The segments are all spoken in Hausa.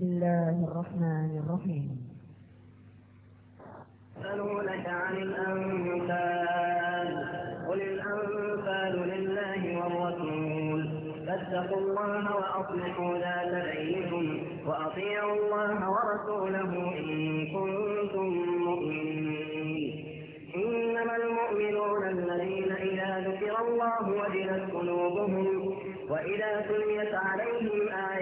بسم الله الرحمن الرحيم لك عن الأنفال قل الأنفال لله والرسول فاتقوا الله وأصلحوا ذات بينكم وأطيعوا الله ورسوله إن كنتم مؤمنين إنما المؤمنون الذين إذا ذكر الله وجلت قلوبهم وإذا تليت عليهم آيات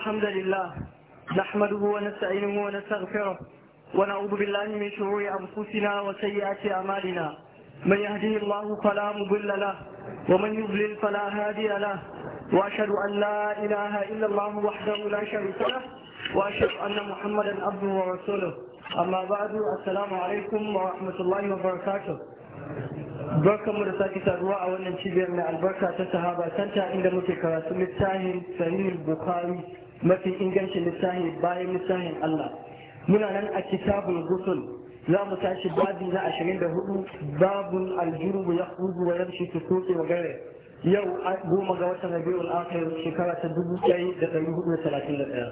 الحمد لله نحمده ونستعينه ونستغفره ونعوذ بالله من شرور أنفسنا وسيئات أعمالنا من يهديه الله فلا مضل له ومن يضلل فلا هادي له وأشهد أن لا إله إلا الله وحده لا شريك له وأشهد أن محمدا عبده ورسوله أما بعد السلام عليكم ورحمة الله وبركاته barkanmu da sake saduwa a wannan cibiyar mai albarka ta sahaba santa inda muke karatu littafin sahihul bukhari mafi ingancin lissahi bayan lissahin Allah muna nan a kitabul gusul za mu tashi babi na ashirin da hudu babun aljurubu ya kuzu wa yamshi tukuki wa gare yau goma ga watan rabiul akhir shekara ta dubu ɗaya da ɗari hudu da talatin da ɗaya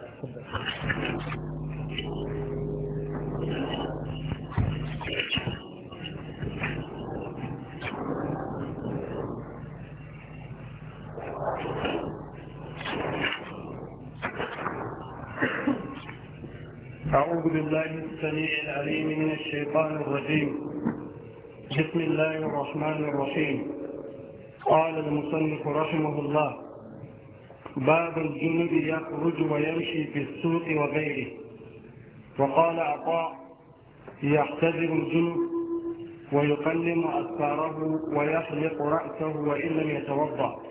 Thank you. أعوذ بالله السميع العليم من الشيطان الرجيم بسم الله الرحمن الرحيم قال المصنف رحمه الله باب الجنب يخرج ويمشي في السوق وغيره وقال عطاء يحتذر الجنب ويقلم أسفاره ويحلق رأسه وإن لم يتوضأ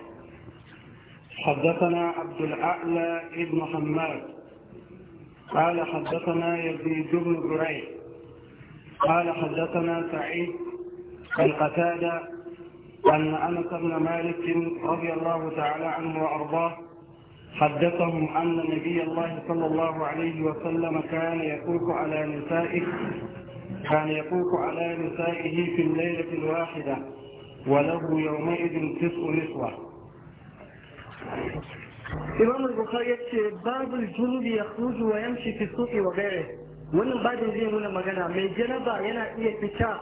حدثنا عبد الأعلى ابن حماد قال حدثنا يزيد بن جريج قال حدثنا سعيد عن قتادة أن أنس بن مالك رضي الله تعالى عنه وأرضاه حدثهم أن نبي الله صلى الله عليه وسلم كان يطوف على نسائه كان يطوف على نسائه في الليلة الواحدة وله يومئذ تسع نسوة imam al-bukhari yace babul junubi yakhruju wa yamshi fi suqi wa ghayrihi wannan babin zai nuna magana mai janaba yana iya fita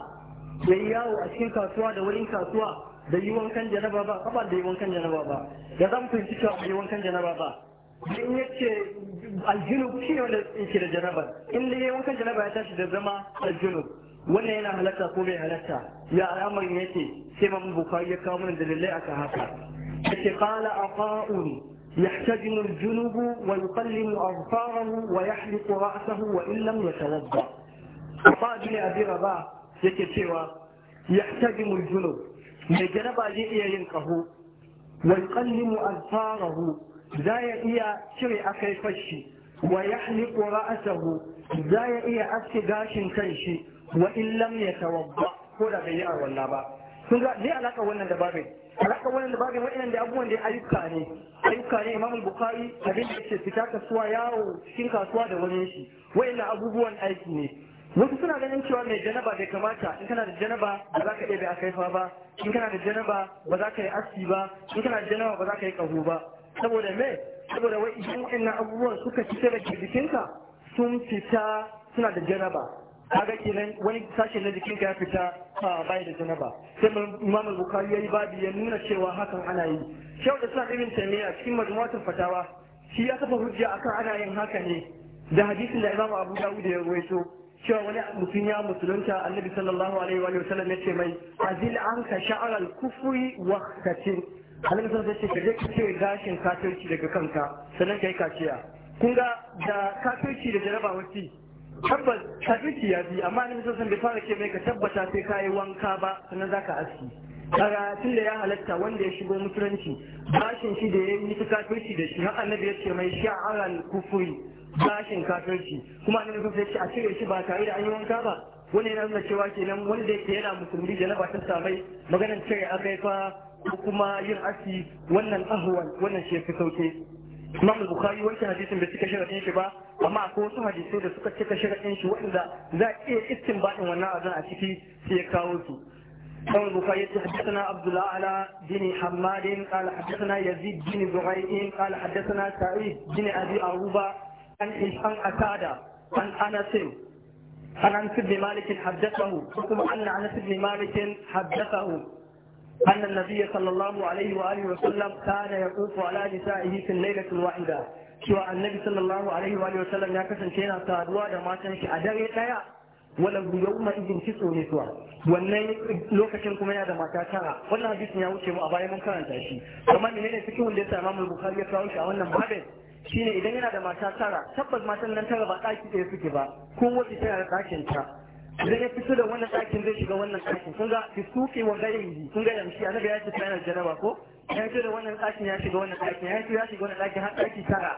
yayi yawo a cikin kasuwa da wurin kasuwa da yi wankan janaba ba kaba da yi wankan janaba ba da zan fahimci cewa yi wankan janaba ba in yace aljunub shi ne wanda yake da janaba in da yi wankan janaba ya tashi da zama aljunub wannan yana halatta ko bai halatta ya al'amarin yake sai mamu bukari ya kawo mana dalilai akan haka yace qala aqa'un يحتجم الجنب ويقلم أظفاره ويحلق رأسه وإن لم يتوضأ وقال لي أبي رباح يكتوى يحتجم الجنب لجنب لئي ينقه ويقلم أظفاره لا يئي شرع كيفشي ويحلق رأسه لا يئي أسكداش كيشي وإن لم يتوضأ هو لا بيئة ولا ثم قال لي علاقة ولا دبابين alaka wannan da babin wa'annan da abubuwan da ayyuka ne ayyuka ne imamul bukhari abin da yake fita kasuwa yawo cikin kasuwa da wani shi wa'annan abubuwan aiki ne wasu suna ganin cewa mai janaba bai kamata in kana da janaba ba za ka iya bai akaifa ba in kana da janaba ba za ka yi aski ba in kana da janaba ba za ka yi kaho ba saboda me saboda wai abubuwan suka fita da jikinka sun fita suna da janaba kaga kenan wani sashen na jikin ka ya fita a bai da janaba sai imam bukhari yayi babi ya nuna cewa hakan ana yi shehu da sa ibn taymiya cikin majmu'atul fatawa shi ya kafa hujja akan ana yin haka ne da hadisin da imam abu dawud ya rawaito cewa wani mutum ya musulunta annabi sallallahu alaihi wa sallam ya ce mai azil an ka sha'aral kufri waqtatin annabi sallallahu alaihi wa sallam ya ce gashin kafirci daga kanka sannan kai kaciya kun ga da kafirci da jaraba wasi tabbas hadisi ya bi amma bai fara ke mai ka tabbata sai ka yi wanka ba sannan zaka aski kaga da ya halatta wanda ya shigo musulunci bashin shi da ya yi kafirci da shi har annabi ya ce mai sha'aran kufuri bashin kafirci kuma annabi nufin sai a cire shi ba tare da an yi wanka ba wani yana nuna cewa kenan wanda yake yana musulmi da na ba ta samai maganar cire akai fa ko kuma yin aski wannan ahwal wannan shi ya fi sauke Imam Bukhari wancan hadisin bai cika shirya shi ba amma akwai wasu hadisai da suka cika shirya shi waɗanda za a iya istinbadin wannan azan a ciki sai ya kawo su قول البخاري حدثنا عبد الاعلى بن حماد قال حدثنا يزيد بن زريع قال حدثنا سعيد بن ابي عروبه عن هشام أسادة عن انس عن انس بن مالك حدثه ثم ان انس بن مالك حدثه أن النبي صلى الله عليه وآله وسلم كان يطوف على نسائه في الليلة الواحدة شو النبي صلى الله عليه وآله وسلم يا كسن كينا تادوا دا ما تنك أدري لا ولا يوم إذن تسعو نسوة wannan lokacin kuma yana da mata tara wannan hadisin ya wuce mu a baya mun karanta shi kamar ne ne cikin wanda ya sa Imam Bukhari ya kawo shi a wannan babin shine idan yana da mata tara tabbas matan nan tara ba daki ɗaya suke ba ko wace tana da ɗakin ta idan ya fito da wannan ɗakin zai shiga wannan ɗakin kun ga fi suke wa gairi kun ga yamshi annabi ya ce ta yana jaraba ko ya fito da wannan ɗakin ya shiga wannan ɗakin ya fito ya shiga wannan ɗakin har ɗaki tara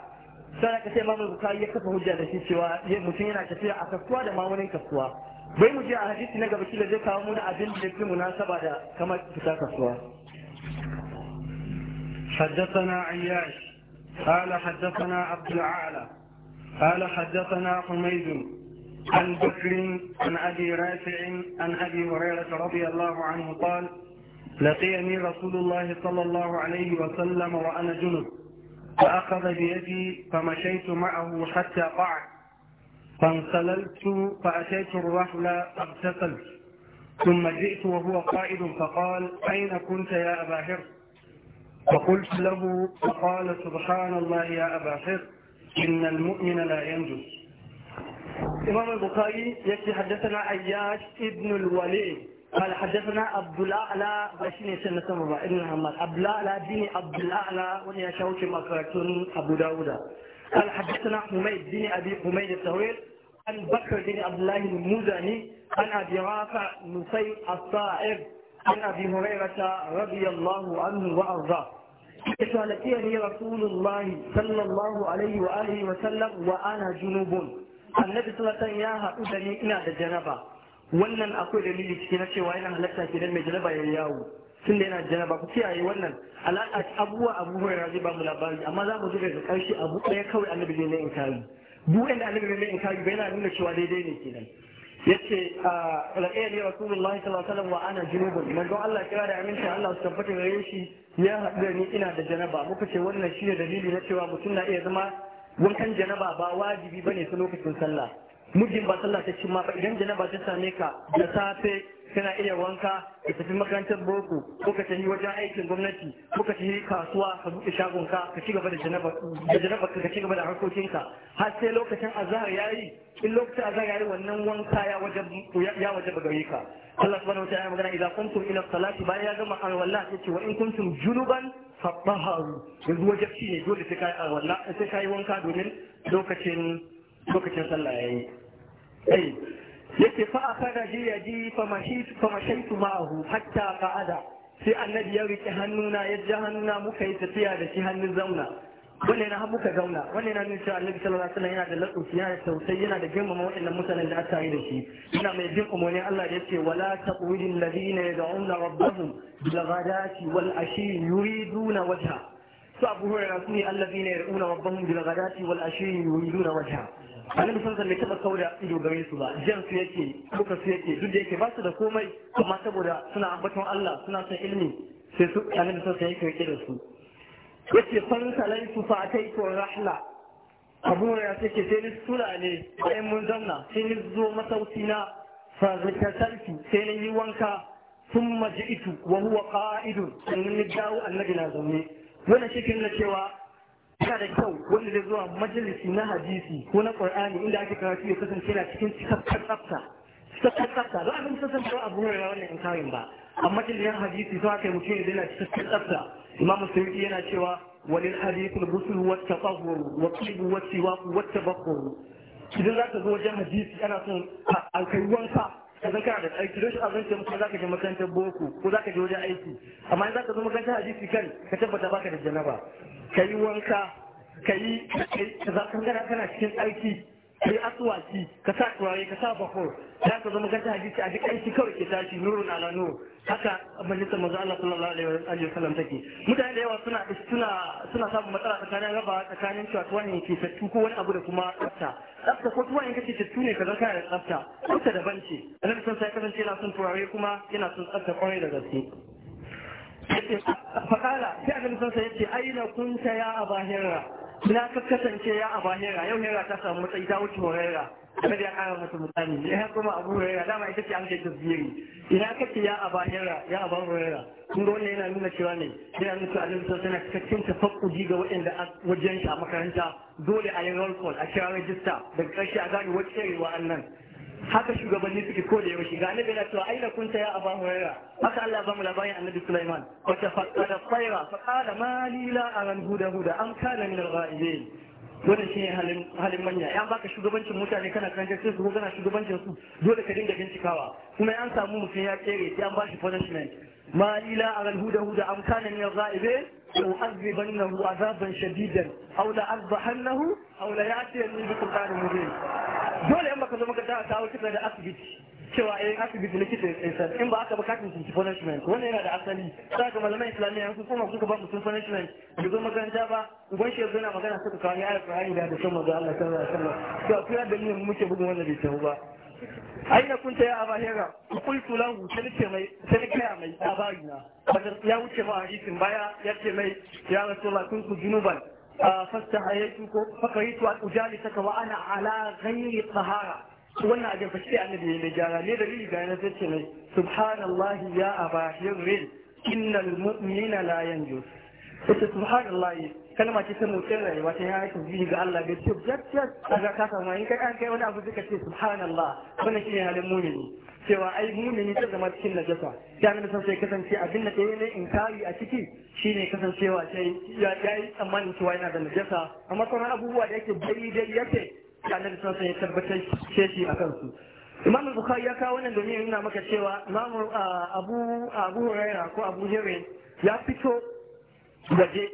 sai ka ce mamu bukari ya kafa hujja da shi cewa mutum yana tafiya a kasuwa da mamunin kasuwa bai mu je a hadisi na gaba da zai kawo mu da abin da yake munasaba da kamar fita kasuwa حدثنا عياش قال حدثنا عبد العالى قال حدثنا حميد عن بكر عن أبي رافع عن أبي هريرة رضي الله عنه قال لقيني رسول الله صلى الله عليه وسلم وأنا جنب فأخذ بيدي فمشيت معه حتى قعد فانسللت فأتيت الرحل فاغتسلت ثم جئت وهو قائد فقال أين كنت يا أبا هر فقلت له فقال سبحان الله يا أبا هر إن المؤمن لا ينجس إمام البخاري يكفي حدثنا عياش ابن الوليد قال حدثنا عبد الأعلى بشيني سنة سمبا ابن محمد عبد الأعلى بن عبد الأعلى وني شوكي مكرتون أبو داود قال حدثنا حميد بن أبي حميد الطويل عن بكر بن عبد الله المزني عن أبي رافع نفيل الصائب عن أبي هريرة رضي الله عنه وأرضاه سألتني رسول الله صلى الله عليه وآله وسلم وأنا جنوب annabi sallallahu ya haɗu da ni ina da janaba wannan akwai dalili ciki na cewa yana halatta kenan mai janaba ya yawo tun da yana janaba ku kiyaye wannan alaƙa abubuwa abu hurairah zai ba mu labari amma za mu zo ga ƙarshe abu ɗaya kawai annabi ne na inkari duk inda annabi ne na inkari bai yana nuna cewa daidai ne kenan yace a ah, raƙayar ya rasulullah sallallahu alaihi wa ana junubun manzo Allah kira da aminci Allah su tabbata gare shi ya haɗu da ni ina da janaba muka ce wannan shine dalili na cewa mutum na iya zama wankan janaba ba wajibi bane su lokacin sallah muddin ba sallah ta cin ba idan janaba ta same ka da safe kana iya wanka ka tafi makarantar boko ko ka tafi wajen aikin gwamnati ko ka tafi kasuwa ka buɗe shagonka ka ci gaba da janaba ka ci gaba da harkokinka har sai lokacin azhar yayi in lokacin azhar yayi wannan wanka ya waje ya waje gare ka Allah subhanahu wa ta'ala magana idan kuntum ila salati bayan ya gama an wallahi ce wa in kuntum junuban faɓaharu yanzu wajabci ne dole sai kai arwalla sai wanka domin lokacin sallah yayi ai yake fa akada ji yaji fa mashitu fa ma'ahu hatta ka'ada sai annabi ya rike hannuna ya ja hannuna muka yi tafiya da shi hannun zauna wanda yana haɓu ka gauna wanda yana nuna cewa annabi sallallahu alaihi wasallam yana da latsufi yana da tausayi yana da girmama waɗannan mutanen da aka tare da shi yana mai jin umarnin Allah da yace wala taqwidil ladina yad'una rabbahum bil ghadati wal ashi yuriduna wajha su abu hurairah su ne alladina yad'una rabbahum bil ghadati wal ashi yuriduna wajha annabi sun bai taba kauda ido gare su ba jan su yake duka su yake duk da yake ba su da komai amma saboda suna ambaton Allah suna son ilimi sai su annabi sun yake yake da su yace fantalaitu fa ko rahla abu ya take sai ni sura ne bayan mun zauna sai ni zo masauki na fa sai ni yi wanka thumma itu wa huwa qa'idun sannan ni dawo annabi na zaune wannan shi da cewa yana da kyau wanda zai zuwa majalisi na hadisi ko na qur'ani inda ake karatu ya kasance na cikin cikakken tsafta cikakken tsafta a abin san cewa abu ne wannan in ba amma ya hadisi sun haka mutum ya daina cikin tsafta imamu suyuti yana cewa walil hadithul rusul wa tatahhur wa tibu wa siwaq wa tabakhur idan zaka zo wajen hadisi ana son an kai wanka idan kana da aiki don shi abin da za zaka je makarantar boko ko zaka je wajen aiki amma in zaka zo makarantar hadisi kan ka tabbata baka da janaba kai wanka kai ka zaka kana cikin aiki kai aswaki ka sa turare ka sa bakur za ka zama ganta hadisi a duk aiki kawai ke tashi nurun na nur haka majalisar manzo Allah sallallahu alaihi wa sallam take mutane da yawa suna suna suna samun matsala tsakanin raba tsakanin cewa tuwani ke tattu ko wani abu da kuma tsafta tsafta ko tuwani kake tattu ne kaza kana da tsafta tsafta daban ce annabi sun sai kasance yana son turare kuma yana son tsafta kwarai da gaske fakala sai annabi sun sai yace aina kunta ya abahirra ina ka kasance ya aba hera yau hera ta samu matsayi ta wuce horera da ya kara mata mutane ya kuma abu horaira dama ita ce an ce tasbiri ina kake ya aba hera ya aba horaira kun ga wannan yana nuna cewa ne yana nuna cewa annabi tana alaihi cikakken tafakkuji ga waɗanda a wajen shi a makaranta dole a yi roll call a kira rajista daga ƙarshe a gane wacce rewa wa'annan. haka shugabanni suke ko da yaushe ga annabi na cewa aina kunta ya aba huraira haka Allah ba mu labarin annabi Sulaiman wa tafaqqada tayra fa qala ma li la aran huda huda am kana min al-ghaibin wannan shine halin halin manya yan baka shugabancin mutane kana kan sai su gana shugabancin su dole ka dinga bincikawa kuma an samu mutum ya kere sai an bashi punishment ma li la aran huda huda am kana min al-ghaibin لأعذبنه عذابا شديدا أو لأذبحنه أو ليأتيني بسلطان مبين dole in baka zo makaranta a kawo kitsa da asibiti cewa eh asibiti na kitsa ya san in ba aka ba katin sun punishment wani yana da asali sai ga malaman islamiyya yanzu kuma suka ba mutum punishment da zo makaranta ba ugon shi yana magana suka kawo ya alƙur'ani da da son manzo Allah sallallahu alaihi wasallam to a kira da ni muke bugun wannan bai tafi ba aina kunta ya aba hera kultu lahu sai mai sai kaya mai abarina ya wuce ma hadisin baya ce mai ya rasulullah kun ku junuban فاستحييت فكرهت أن أجالسك وأنا على غير طهارة wannan abin fa sai annabi ne gyara ne dalili ga yana sai ya abahirrin innal mu'mina la yanjus kalma ce ta motsin rayuwa ta yaya ta ga Allah ga ce a ga ka samu in kai an kai wani abu suka ce subhanallah wannan ne halin mumini cewa ai mumini ta zama cikin najasa ya nuna san sai kasance abin da ɗaya ne in kari a ciki shi ne kasancewa sai ya yi tsammanin cewa yana da najasa amma sauran abubuwa da yake bai dai yake ya nuna san sai tabbatar shi a kansu imam bukhari ya kawo wannan domin nuna maka cewa imam ah, abu abu huraira ko abu jirin ya fito waje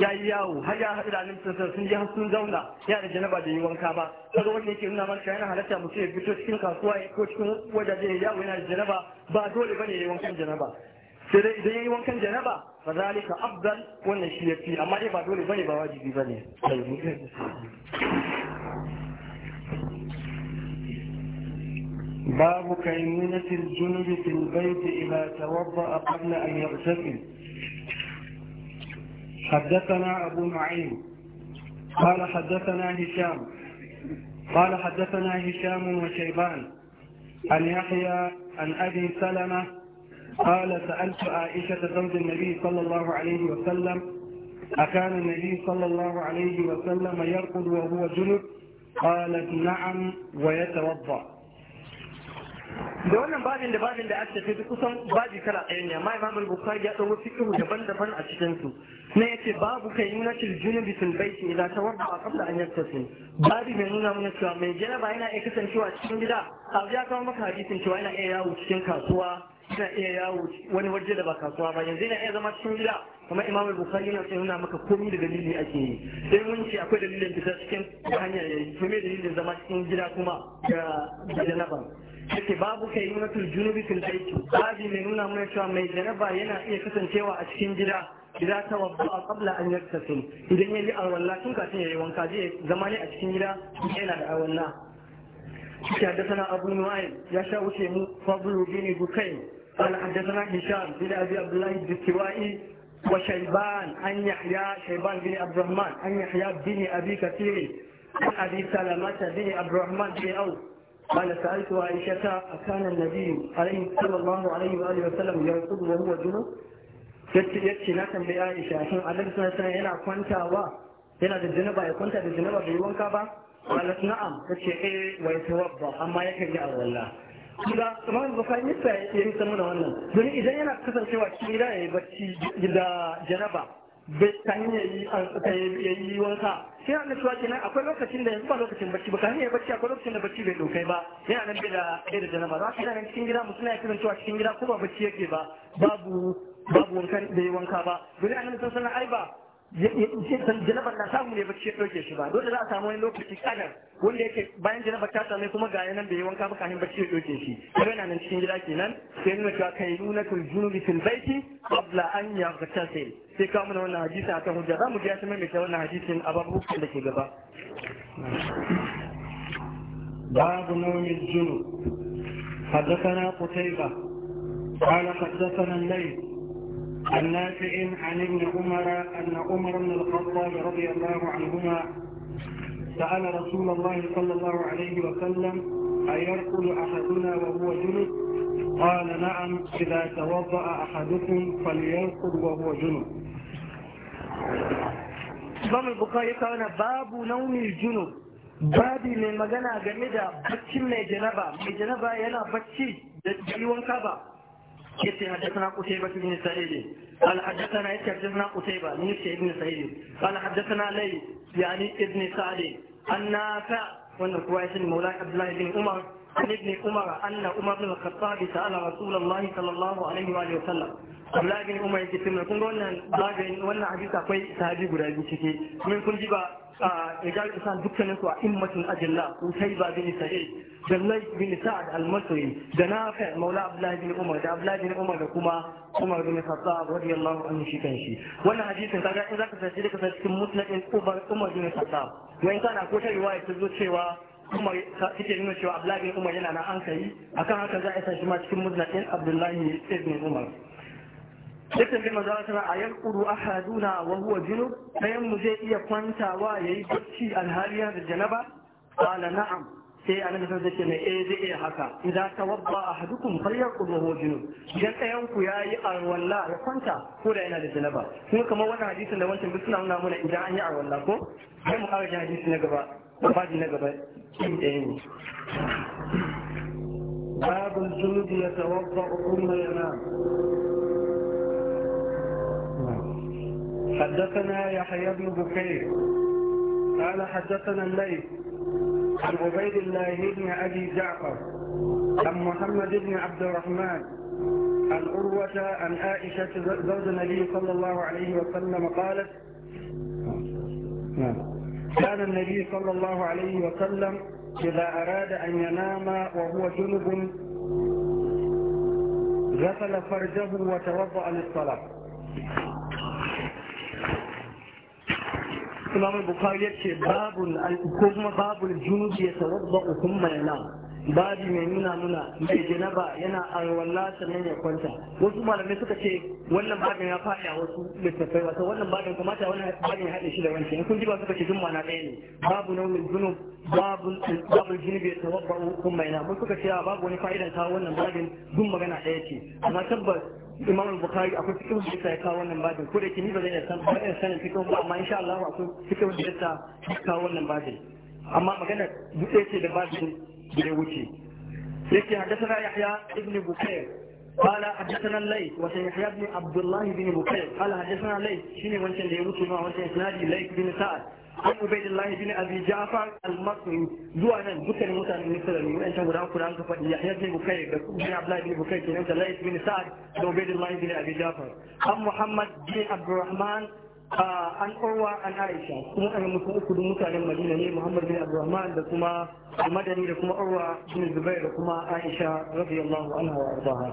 ya yi yawo har ya haɗu da annabi sallallahu sun je sun zauna ya da janaba da yi wanka ba kaga wanda yake nuna mana yana halatta mutum ya fito cikin kasuwa ko cikin wajaje ya yawo yana da janaba ba dole bane ya yi wankan janaba sai dai idan ya yi wankan janaba fa zalika afdal wannan shi yafi amma dai ba dole bane ba wajibi bane باب كيمنة الجنب في البيت إذا توضأ قبل أن يغتسل حدثنا أبو نعيم قال حدثنا هشام قال حدثنا هشام وشيبان عن يحيى عن أبي سلمة قال سألت عائشة زوج النبي صلى الله عليه وسلم أكان النبي صلى الله عليه وسلم يرقد وهو جنب قالت نعم ويتوضأ da wannan babin da babin da aka tafi kusan babi kala ɗaya ne amma imam al-bukhari ya ɗauro fiqhu daban-daban a cikin su na yace babu kai nuna til junubi sun baiti idan ta wanda a kabla an yattasu babi mai nuna mana cewa mai janaba yana iya kasancewa cikin gida abu ya kawo maka hadisin cewa yana iya yawo cikin kasuwa yana iya yawo wani waje da ba kasuwa ba yanzu yana iya zama cikin gida kuma imam al-bukhari yana cewa nuna maka komai da dalili ake yi sai mun ce akwai dalilin fita cikin hanya yayi to me dalilin zama cikin gida kuma da take babu kai yi matul junubi sun baiti babi mai nuna mana cewa mai janaba yana iya kasancewa a cikin gida gida ta wabba a kabla an yi tasirin idan yi alwallah tun kafin ya yi wanka zai zama ne a cikin gida yana da awanna ya haddasana abu nuwayin ya sha wuce mu fabulu bini bukai wani haddasana hisham bini abu abdullahi bisiwa'i wa shaiban an yahya shaiban bini abdurrahman an yahya bini abi kafiri abi salamata bini abdurrahman bini auk قال سألت عائشة أكان النبي عليه صلى الله عليه وآله وسلم يرقد وهو جنوب yace na tambayi Aisha shin Annabi sallallahu alaihi yana kwantawa yana da janaba ya kwanta da janaba bai wanka ba qalat na'am tace eh wa yatawabba amma yakan yi alwala kuma Imam Bukhari ne sai yayi sanar da wannan don idan yana kasancewa cikin gida yayi bacci da janaba kan ya yi wanka sai an cewa kenan akwai lokacin da yanzu ba lokacin bacci ba kan ya bacci akwai lokacin da bacci bai dokai ba yana nan bai da bai da janaba za ka yana nan cikin gida mutum ya kiran cewa cikin gida ko ba bacci yake ba babu babu wankan da yi wanka ba dole annabi sallallahu alaihi ai ba janabar na samu ne bacci ya ɗauke shi ba dole za a samu wani lokaci kadar wanda yake bayan janabar ta samu kuma ga nan bai wanka ba kafin bacci ya ɗauke shi kuma yana nan cikin gida kenan sai nuna cewa kai nuna kun junubi fil baiti qabla an ya yaghtasil sai kawo mana wannan hadisi akan hujja za mu ji ya ta maimaita wannan hadisin a babukan da ke gaba باب نوم الجنوب حدثنا قتيبة قال حدثنا الليل عن نافع عن ابن عمر أن عمر بن الخطاب رضي الله عنهما سأل رسول الله صلى الله عليه وسلم أيرقل أحدنا وهو جنب قال نعم إذا توضأ أحدكم فليرقد وهو جنب Imam Bukhari ka wani babu nauyin junub babi mai magana game da baccin mai janaba mai janaba yana bacci da yi wanka ba يتي حدثنا قتيبة بن سعيد قال حدثنا يتي حدثنا قتيبة يتي ابن سعيد قال حدثنا لي يعني ابن سعد النافع وأن الكويس مولاي عبد الله بن عمر عن ابن عمر أن عمر بن الخطاب سأل رسول الله صلى الله عليه وآله وسلم Abdullahi bin Umar yake cewa kun ga wannan babin wannan hadisi akwai sahabi guda biyu ciki mun kun ji ba idan isan dukkanin su a immatin ajillah usaiba bin sa'id da nais bin sa'ad al-masri da nafi maula abdullahi bin umar da abdullahi bin umar da kuma umar bin khattab radiyallahu anhu shi kanshi wannan hadisin kaga in zaka sace daga cikin musnadin umar umar bin khattab wani kana ko ta riwaya ta zo cewa kuma kike nuna cewa abdullahi bin umar yana na an kai akan haka za a isa shi ma cikin musnadin abdullahi bin umar sai tambi manzo Allah sana ayal quru ahaduna wa huwa junub sayan mu zai iya kwantawa yayi bacci alhaliya da janaba qala na'am sai annabi sun zace mai eh zai iya haka idza tawadda ahadukum falyaqul wa huwa junub idan ɗayan ku yayi arwalla ya kwanta ko da yana da janaba kuma kamar wannan hadisin da wancan bisu suna nuna mana idan an yi arwalla ko sai mu fara hadisi na gaba babu na gaba kin ɗaya ne باب الجنود يتوضا كل ينام حدثنا يحيى بن بكير قال حدثنا الليث عن عبيد الله بن أبي جعفر عن محمد بن عبد الرحمن عن عروة عن عائشة زوج النبي صلى الله عليه وسلم قالت نعم. كان النبي صلى الله عليه وسلم إذا أراد أن ينام وهو جنب غسل فرجه وتوضأ للصلاة imamu bukhari yace ce babul ko kuma babul junubi ya tawadda hukumma babi mai nuna nuna mai janaba yana arwalla sannan ya kwanta wasu malamai suka ce wannan babin ya faɗi a wasu littattafai wato wannan babin kamata wannan babin ya haɗe shi da wancan kun ji ba suka ce jumma na ɗaya ne babu nauyin zunub babu babu zunubi ya tawabba kun mai na mun suka ce babu wani fa'idan kawo wannan babin dun magana ɗaya ce amma tabbas imam bukhari akwai cikin da ya kawo wannan babin ko da ke ni ba zan iya san ba sanin cikin ba amma insha Allah akwai cikin da ya kawo wannan babin amma magana duk ce da babin da ya wuce yake haddasa yahya ibn bukair قال حدثنا الليث وسيحيى بن عبد الله بن بكير قال حدثنا الليث شنو وانشن ده يوسف ما وانشن اسنادي الليث بن سعد عن عبيد الله بن ابي جعفر المصري زوا نان دكان متان مصر ne wa'ancan guda uku da aka faɗi Yahya bin Bukayr da Ibn Abdullah bin Bukayr kenan da Layth bin Sa'd da Ubaydullah bin Abi Ja'far an Muhammad bin Abdurrahman an kowa an aisha kuma an mutum uku duk mutanen madina ne muhammad bin abdurrahman da kuma madani da kuma urwa bin zubair da kuma aisha radiyallahu anha wa ardaha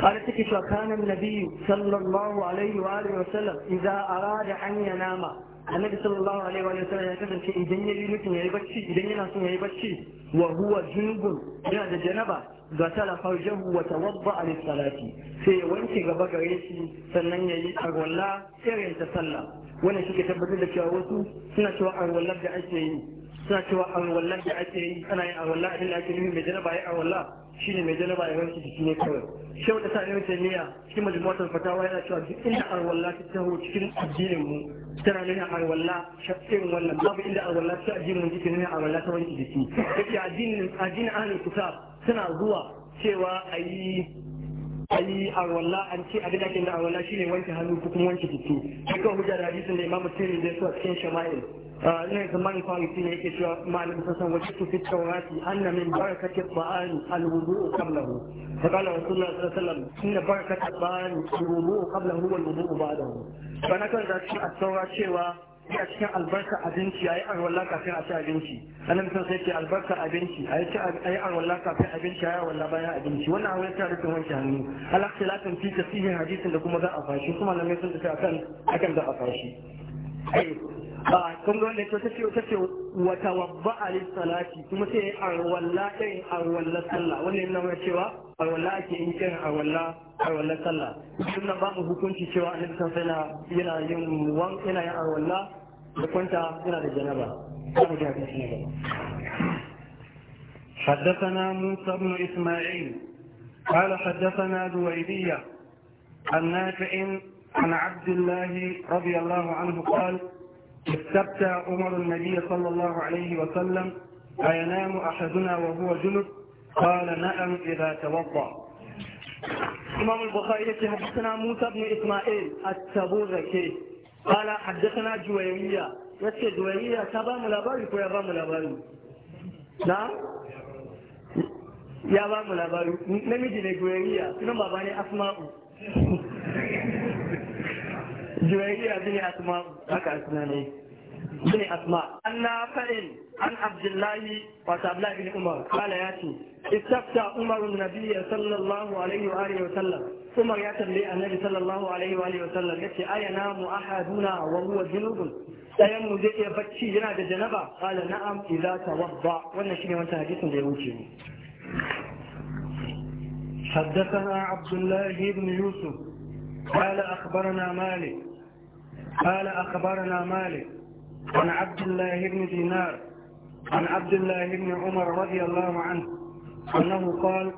قالت تكي كان النبي صلى الله عليه وآله وسلم إذا أراد أن ينام annabi sallallahu alaihi wa sallam ya kasance idan ya yi bacci idan yana son ya bacci wa huwa junubun yana da janaba ga tala farjahu wa tawadda lis salati sai ya wanke gaba gare shi sannan yayi arwalla irin ta sallah wannan shi ke tabbatar da cewa wasu suna cewa arwallar da ake yi suna cewa arwallar da ake yi ana yin arwalla abin da ake nufi mai janaba ya arwalla ne mai janaba ya wanke jiki ne kawai shehu da sa'in wata niyya cikin majmu'atul fatawa yana cewa duk inda arwalla ta taho cikin addinin mu tana nuna arwalla shafin wannan babu inda arwalla ta addinin mu jiki nuna arwalla ta wanke jiki yake addinin addinin ahlul kitab tana zuwa cewa a yi ayi arwalla an ce abin da ke da arwalla shine wanke hannu ko kuma wanke jiki haka hujja da hadisin da imamu tirmidhi ya so cikin shama'il ne kamar kwanaki ne yake cewa malam sassan wace tu fi taurati anna min barakati ba'ani alwudu qablahu fa qala rasulullah sallallahu alaihi wasallam inna barakati ba'ani alwudu qablahu wal wudu ba'dahu bana kan da a asaura cewa a cikin albarka abinci yayi arwalla kafin a ci abinci annabi sun sai ce albarka abinci ayi ci ayi arwalla kafin abinci ayi walla bayan abinci wannan aure ta rufin wanke hannu alakhtilafin fi tasihin hadisin da kuma za a fashi kuma malamai sun tafi akan akan za a fashi kun ga wanda ta ce ta ce wata wabba alin salati kuma sai arwalla ɗin arwalla sallah wanda yana nuna cewa arwalla ake yin kiran arwalla arwalla sallah sun nan ba hukunci cewa annabi kan sai yana yin wan yana yin arwalla da kwanta yana da janaba za hadisi na حدثنا موسى بن إسماعيل قال حدثنا دويدية عن نافع عن عبد الله رضي الله عنه قال استفتى عمر النبي صلى الله عليه وسلم أينام أحدنا وهو جنب قال نعم إذا توضأ إمام البخاري حدثنا موسى بن إسماعيل التبوذكي قال حدثنا جويرية yace doyayya ta ba mu labari ko ya ba mu labari na ya ba mu labari namiji ne doyayya sunan baba ne asma'u جويرية بن أسماء هكا أسماني بن أسماء أن نافع عن عبد الله وعبد الله بن عمر قال ياتي استفتى عمر النبي صلى الله عليه وآله وسلم عمر يتبع النبي صلى الله عليه وآله وسلم يتي أينام أحدنا وهو جنوب ɗayan mu zai iya bacci yana da janaba kala na'am idza tawadda wannan shine wannan hadisin da ya wuce mu حدثنا عبد الله بن يوسف قال أخبرنا مالك قال أخبرنا مالك عن عبد الله بن دينار عن عبد الله بن عمر رضي الله عنه أنه قال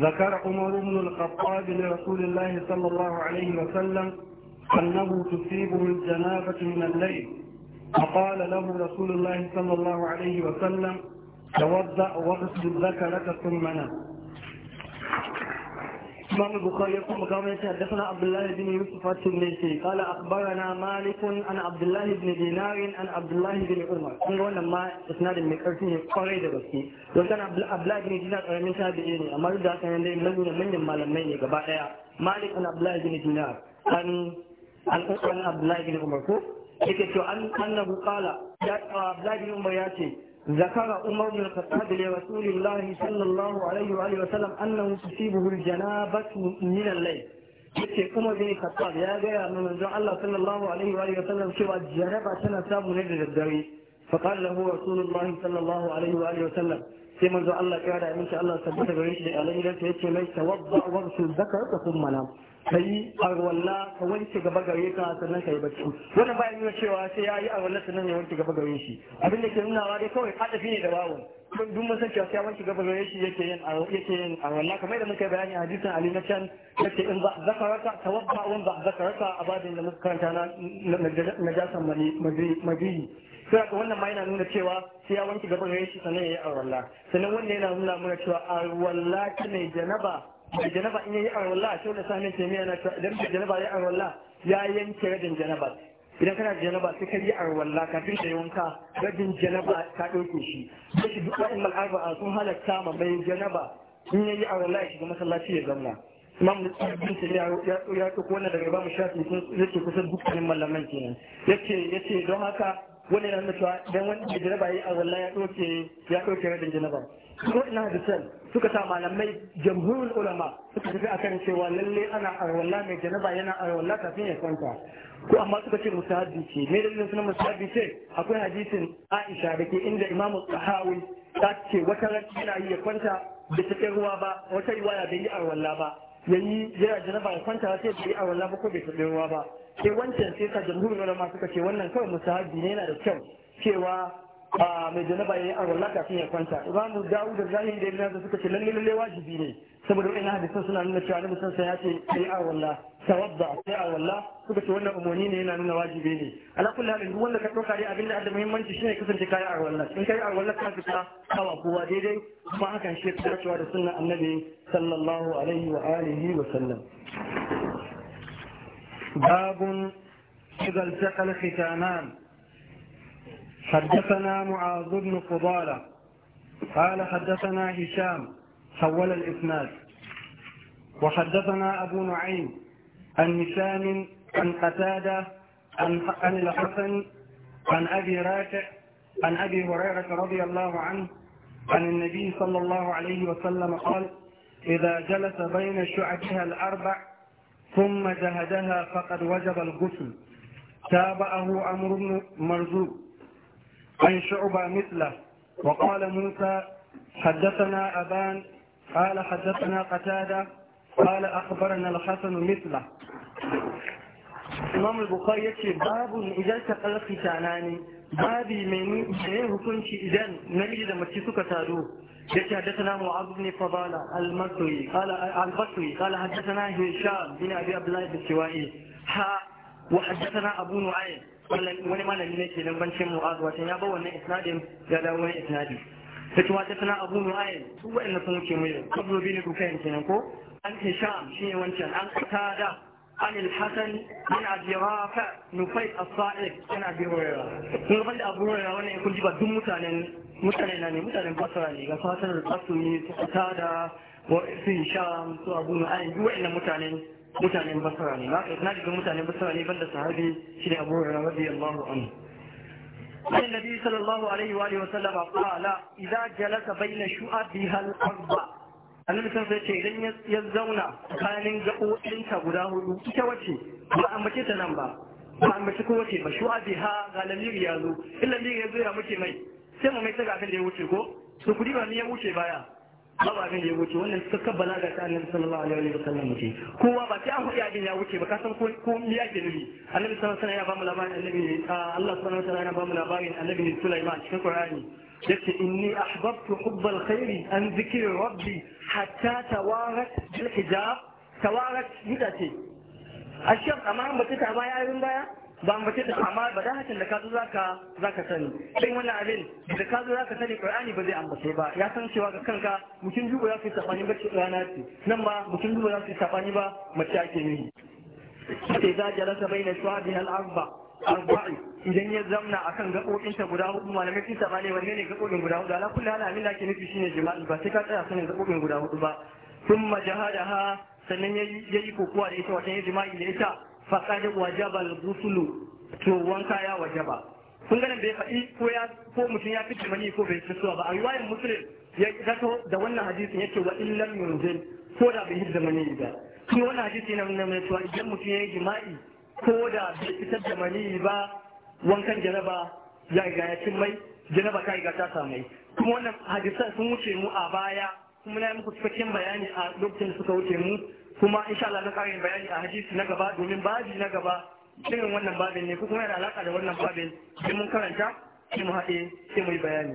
ذكر عمر بن الخطاب لرسول الله صلى الله عليه وسلم أنه تصيبه الجنابة من الليل فقال له رسول الله صلى الله عليه وسلم توضأ واغسل ذكرك ثم نام الإمام البخاري يقول مقام حدثنا عبد الله بن يوسف na قال أخبرنا مالك عن عبد الله بن دينار عن عبد الله بن عمر mai karfi ne kwarai da gaske don kana Abdullahi bin Dinar karamin tabi'i ne amma duk da haka nan dai manyan malamai ne gaba daya Malik an Abdullahi bin Dinar an an Abdullahi bin Umar ko yake to an annahu qala Abdullahi Umar ya ce ذكر عمر بن الخطاب لرسول الله صلى الله عليه وآله وسلم أنه تصيبه الجنابة من الليل yake kuma bin Khattab ya gaya ma manzon Allah sallallahu alaihi wa sallam cewa jaraba tana samu ne da daddare fa qala lahu rasulullahi sallallahu alaihi wa sallam sai manzon Allah ya da insha Allah tabbata gare shi da alayi da yake mai tawadda wa sul zakar ka kuma ka yi arwalla ka wanke gaba gare ka sannan ka yi bacci wannan bayan nuna cewa sai ya yi arwalla sannan ya wanke gaba gare shi abin da ke wa dai kawai hadafi ne da bawo kun duk mun san cewa sai wanke gaba gare shi yake yin yake yin arwalla kamar da muka bayani a hadisin Ali na can yake in ba zakaraka tawabba wa ba zakaraka abadin da muka karanta na najasan madini sai ka wannan ma yana nuna cewa sai ya wanke gaba gare shi sannan ya yi arwalla sannan wannan yana nuna mana cewa arwalla ne janaba mai janaba in yayi arwalla a shaunar samin taimiyya na idan mai janaba ya arwalla ya yanke radin janaba idan kana da janaba sai ka yi arwalla kafin ka yi wanka radin janaba ka ɗauke shi sai shi duk wa'in mal'arba'a sun halatta ma mai janaba in yayi arwalla ya shiga masallaci ya zauna imam bin tafiya ya ɗauko wannan daga imamu shafi yake kusan dukkanin malaman kenan yace yace don haka wannan yana nuna cewa idan wani mai janaba ya yi arwalla ya ɗauke ya ɗauke radin janaba kuma ina da sel suka sa malamai jamhurin ulama suka tafi akan cewa lalle ana arwalla mai janaba yana arwalla kafin ya kwanta ko amma suka ce musahabi ce me dalilin sunan musahabi ce akwai hadisin Aisha da ke inda Imam Sahawi ta ce wata rana yana yi ya kwanta da cikin ruwa ba wata riwaya bai yi arwalla ba yayi yana janaba ya kwanta sai bai yi arwalla ba ko bai taɓa ruwa ba sai wancan sai ka jamhurin ulama suka ce wannan kawai musahabi ne yana da kyau cewa mai janaba ya yi arwala kafin ya kwanta imamu dawud da zahiri da ibn suka ce lalle lalle wajibi ne saboda wannan hadisan suna nuna cewa annabi sun ya ce sai arwala tawadda sai arwala suka ce wannan umarni ne yana nuna wajibi ne ala kulli halin duk wanda ka dauka dai abinda da muhimmanci shine kasance kai arwala in kai arwala ka fita kawa kowa daidai kuma hakan shi ya cewa da sunnan annabi sallallahu alaihi wa alihi wa sallam babun إذا التقى الختانان حدثنا معاذ بن فضالة قال حدثنا هشام حول الإسناد وحدثنا أبو نعيم عن هشام عن قتادة عن الحسن عن أبي راكع عن أبي هريرة رضي الله عنه عن النبي صلى الله عليه وسلم قال إذا جلس بين شعبها الأربع ثم جهدها فقد وجب الغسل تابعه أمر بن مرزوق عن شعبة مثله وقال موسى حدثنا أبان قال حدثنا قتادة قال أخبرنا الحسن مثله إمام البخاري يكفي باب إذا تقل ختانان بابي من إيه كنت إذا نجد ما تسوك تارو يكفي حدثنا معاذ بن فضالة المصري قال البصري قال حدثنا هشام بن أبي عبد الله بن السوائي ها وحدثنا أبو نعيم wani malami ne ke nan bancin mu'az wata ya ba wannan isnadin ya dawo wani isnadi ta ci wata tana abu nu'ayin su waɗanda sun wuce mai ne bin dukayen kenan ko an sha shi ne wancan an qatada عن الحسن عن ابي ka nufai a sa'ir ابي هريره sun ban da abu hurera wani ya kunji ba duk mutanen mutane na ne mutanen basara ne ga fatar asumi su ta da su sha su abu na ayin wa'in na mutanen mutanen basara ne na daga mutanen basara ne banda sahabi shi ne abu sallallahu alaihi wa عن النبي صلى الله idan jalasa bai na Shu'a bi hal شعبها a nan sun sai ce idan ya zauna tsakanin ga'o'inta guda hudu ita wace ba a mace ta nan ba ba a mace ko wace ba Shu'a bi ha ga lamiri ya zo in lamiri ya zo ya muke mai sai mu mai ta abin da ya wuce ko to kudi ba ni ya wuce baya babu abin ya wuce wannan suka balaga ta annabi sallallahu alaihi wa sallam muke. kowa ba sai an hudu abin ya wuce ba ka san ko miya yake nufi annabi sallallahu alaihi wa sallam ya ba mu labarin annabi Allah subhanahu wa ta'ala ya ba mu labarin annabi Sulaiman cikin Qur'ani yace inni ahbabtu hubbal khairi an dhikri rabbi hatta tawarat bil hijab tawarat yudace ashab amma an bata ta baya yayin baya ba mu da amma ba da hakan da ka zo zaka zaka sani sai wannan abin da ka zo zaka sani Qur'ani ba zai ambace ba ya san cewa ga kanka mutum duba za su tsafani ba ce rana ce nan ma mutum duba za su tsafani ba mace ake ne sai za jalasa baina shuhadi al-arba arba'i idan ya zamna akan gaɓoɓinta guda hudu malamai sun tsafani wanne ne gaɓoɓin guda hudu ala kullu halin da ke nufi shine jima'i ba sai ka tsaya sanin gaɓoɓin guda hudu ba da jahadaha sannan ya yi kokowa da ita wata ya jima'i da ita faqad wajaba al-ghuslu to wanka ya wajaba sun ganin bai faɗi ko ya ko mutum ya fice mani ko bai fitowa ba a riwayar muslim ya zato da wannan hadisin yace wa illam yunzil ko da bai hidda mani ba kuma wannan hadisi yana nuna mai cewa idan mutum ya yi jima'i ko da bai fitar da mani ba wankan jaraba ya riga ya cin mai jaraba ka riga ta samai kuma wannan hadisan sun wuce mu a baya kuma na yi muku cikakken bayani a lokacin da suka wuce mu kuma insha Allah na ƙarin bayani a hadisi na gaba domin babi na gaba irin wannan babin ne ko kuma yana alaka da wannan babin sai mun karanta sai mu haɗe sai mu yi bayani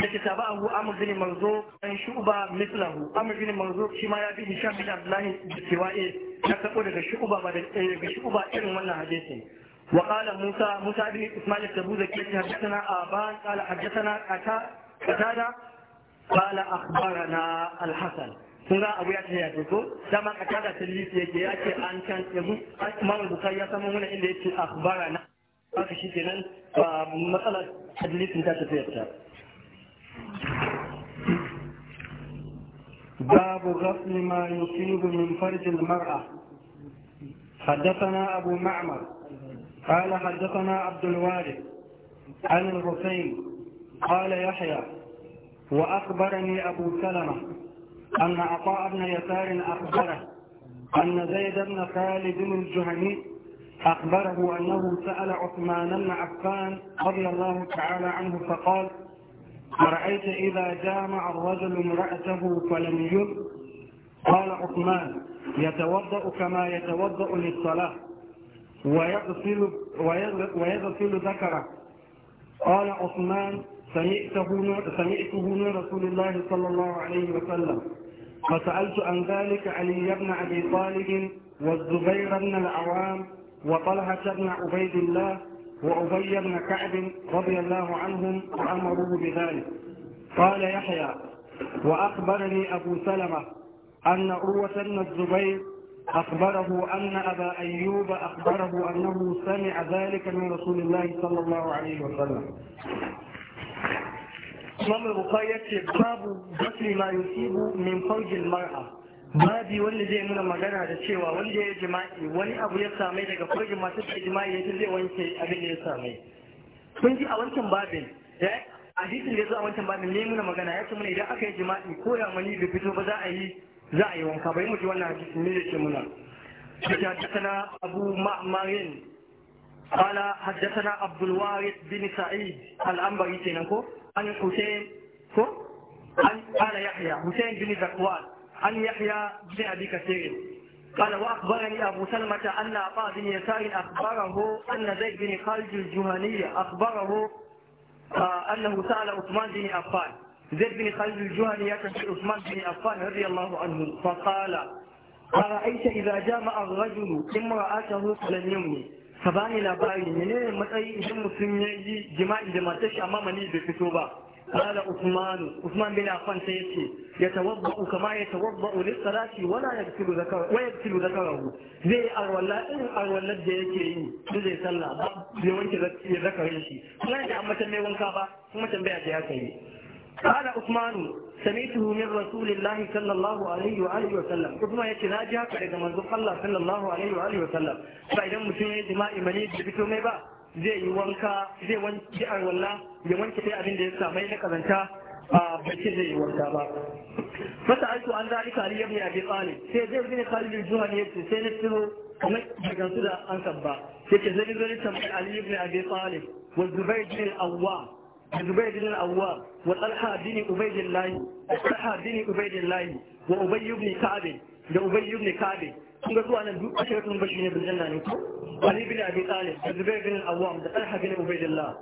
da kitabahu amr bin manzo an shuba mislahu amr bin manzo shi ma ya bi hisham bin abdullahi siwa'i eh, ya kabo daga shuba ba eh, daga shuba irin wannan hadisin وقال موسى موسى بن اسماعيل التبوذكي حدثنا ابان قال حدثنا قتاده قال اخبرنا الحسن kun ga abu ya tafiya to ko dama a kada tilisi yake ya ce an kan yanzu Imam Bukhari ya samu mana inda yake na haka shi kenan matsalar hadisin ta tafiya ta باب غسل ما يصيب min فرج mara. حدثنا أبو معمر قال حدثنا عبد الوارث عن الحسين قال يحيى وأخبرني أبو سلمة أن عطاء بن يسار أخبره أن زيد بن خالد الجهني أخبره أنه سأل عثمان بن عفان رضي الله تعالى عنه فقال أرأيت إذا جامع الرجل امرأته فلم يب قال عثمان يتوضأ كما يتوضأ للصلاة ويغسل, ويغسل ذكره قال عثمان سمعته سمعته من رسول الله صلى الله عليه وسلم فسألت عن ذلك علي بن أبي طالب والزبير بن العوام وطلحة بن عبيد الله وأبي بن كعب رضي الله عنهم وأمروه بذلك قال يحيى وأخبرني أبو سلمة أن عروة بن الزبير أخبره أن أبا أيوب أخبره أنه سمع ذلك من رسول الله صلى الله عليه وسلم imam al-bukhari yace babu basri ma yusibu min farjil mar'a babi wanda zai nuna magana da cewa wanda ya jima'i wani abu ya same daga farjin masu da jima'i yace zai wanke abin da ya same kun ji a wancan babin a hadisin da ya zo a wancan babin ne nuna magana ya ce mana idan aka yi jima'i ko ya mani bai fito ba za a yi za a yi wanka bai mu ji wannan hadisin ne da ke muna. Hadathana Abu ma'amarin قال حدثنا عبد الوارث بن سعيد الأنبري سينكو عن حسين كو عن قال يحيى حسين بن ذكوان عن يحيى بن أبي كثير قال وأخبرني أبو سلمة أن عطاء بن يسار أخبره أن زيد بن خالد الجهني أخبره آه، أنه سأل عثمان بن عفان زيد بن خالد الجهني يتسأل عثمان بن عفان رضي الله عنه فقال أرأيت إذا جامع الرجل امرأته فلم يمني ka bani labari ne matsayi idan mutum ya yi jima'i da matar shi amma mani bai fito ba qala usmanu usman bin affan sai yace yatawaddau kama yatawaddau li salati wala yaktilu zakara wa yaktilu zakara zai arwala in arwala da yake yi duk zai sallah ba zai wanke zakarin shi kuma da amma mai wanka ba kuma tambaya da ya kai قال عثمان سمعته من رسول الله صلى الله عليه وآله وسلم عثمان يتناجى كذا منذ الله صلى الله عليه وآله وسلم فإذا مسلم يجمع إيماني بيتو ميبا zai yi wanka zai wanke a walla ya wanke sai abin da ya samai na kazanta a bace zai yi wanka ba fata aiko an zalika ya ibn abi talib sai zai bin khalid juhani yace sai na tiro kamar daga su da an sabba sai ke zai zo ne tambayi ali ibn abi talib wa zubair bin awwa بزبيد الأواب وطلحة بن عبيد الله وطلحة بن عبيد الله وأبي بن كعب وأبي بن كعب kun ga zuwa nan duk ashiratun bashi ne bin janna ne ko Ali bin Abi Talib da Zubair bin Awwam da Talha bin Ubaydillah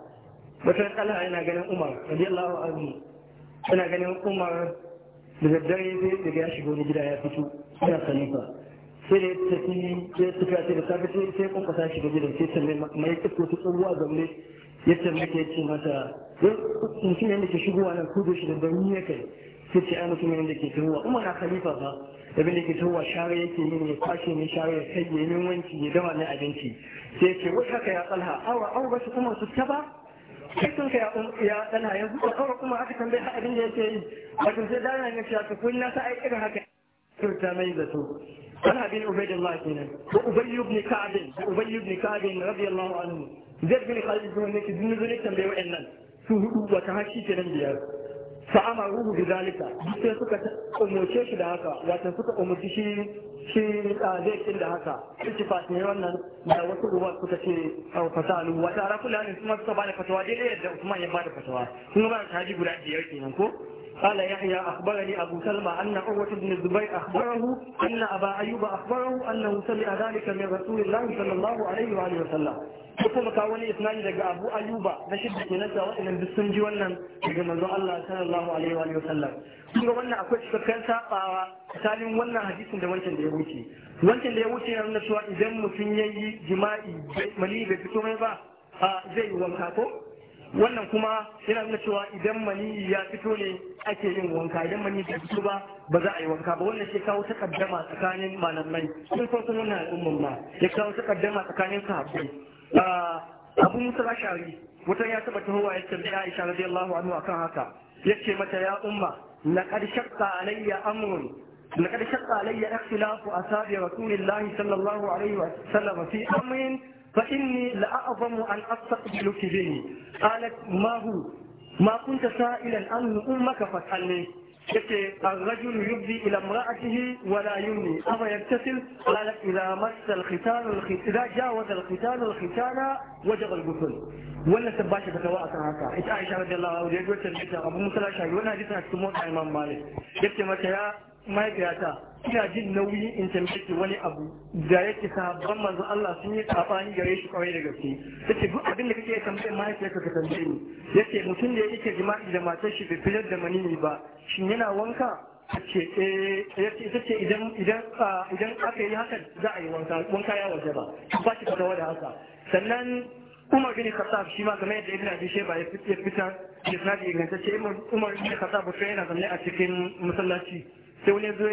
wata Talha yana ganin Umar radiyallahu anhu yana ganin Umar da daddare sai daga ya shigo gida ya fito yana sanifa sai da ya tafi ya tafi sai safe sai sai kun shiga gidan sai sai mai kifo su tsohuwa zaune ya tafi ya ce mata don mutum yadda ke shigowa nan ko da shi da bani ya kai sai ce ai mutum yadda ke tahowa umar na khalifa ba abin da ke tahowa share yake min ya kwashe min share ya kai ya min wanki ya dama ni abinci sai ce wai haka ya tsalha awa awa ba su kuma su taba kai sun ka ya tsalha ya zuwa awa kuma aka tambaye har abin da yake yi wato sai da na ga ta kun na sa ai irin haka ta mai zato طلحة بن عبيد الله كنا وأبي بن كعب وأبي بن كعب رضي الله عنه زيد بن خالد بن مالك بن ذلك تنبيه وإنن su hudu wata har shi nan biyar fa amaruhu bi zalika sai suka umurce shi da haka wato suka umurci shi shi zai kin da haka shi fatin wannan da wasu ruwa suka ce au fasalu wa tara kullanin kuma suka bani fatawa daidai yadda Usman ya bada fatawa kuma ba ta guda biyar kenan ko قال يحيى أخبرني أبو سلمة أن عروة بن الزبير أخبره أن أبا أيوب أخبره أنه سمع ذلك من رسول الله صلى الله عليه وآله وسلم kuma ka wani isnadi daga Abu Ayuba na shidda ke nasa waɗannan duk sun ji wannan daga manzo Allah sallallahu alaihi wa sallam ga wannan akwai cikakken sabawa tsakanin wannan hadisin da wancan da ya wuce wancan da ya wuce yana nuna cewa idan mutum yi jima'i mali bai fito mai ba zai yi wanka ko wannan kuma yana nuna cewa idan mani ya fito ne ake yin wanka idan mani bai fito ba ba za a yi wanka ba wannan shi kawo takaddama tsakanin malamai sun farkon nuna al'umman ma ya kawo takaddama tsakanin sahabbai ah, abu musa shari wata ya taba tahowa ya da aisha radiyallahu anhu akan haka ce mata ya umma laqad shaqqa alayya amrun لقد شق علي اختلاف أصحاب sallallahu الله wa الله Fi وسلم fa inni فإني لأعظم an astaqbilu به qalat ma هو ما كنت سائلا عنه أمك فتحلي yake الرجل يبدي إلى امرأته ولا يمني أما يبتسم قالت إذا مس الختان الختان إذا جاوز الختان الختان وجب القتل ولا سباشه بكواء هكا عائشة رضي الله عنها يقول تنبيتها أبو موسى الأشعري وأنا حديثنا في إمام مالك يبتي متى ما يبيعتها ina jin nauyi in tambaye wani abu da yake sahabban manzon Allah sun yi tsafani gare shi kawai da gaske yace duk abin da kake ma yake ka tambaye ni yace mutum da yake jima'i da matar shi bai fitar da mani manini ba shin yana wanka eh yace ita ce idan idan idan aka yi haka za a yi wanka wanka ya waje ba ba shi fatawa da haka sannan Umar bin Khattab shi ma game da Ibn shi ba ya fitar da sanadi ingantacce Umar bin Khattab sai yana zanne a cikin masallaci sai wani zo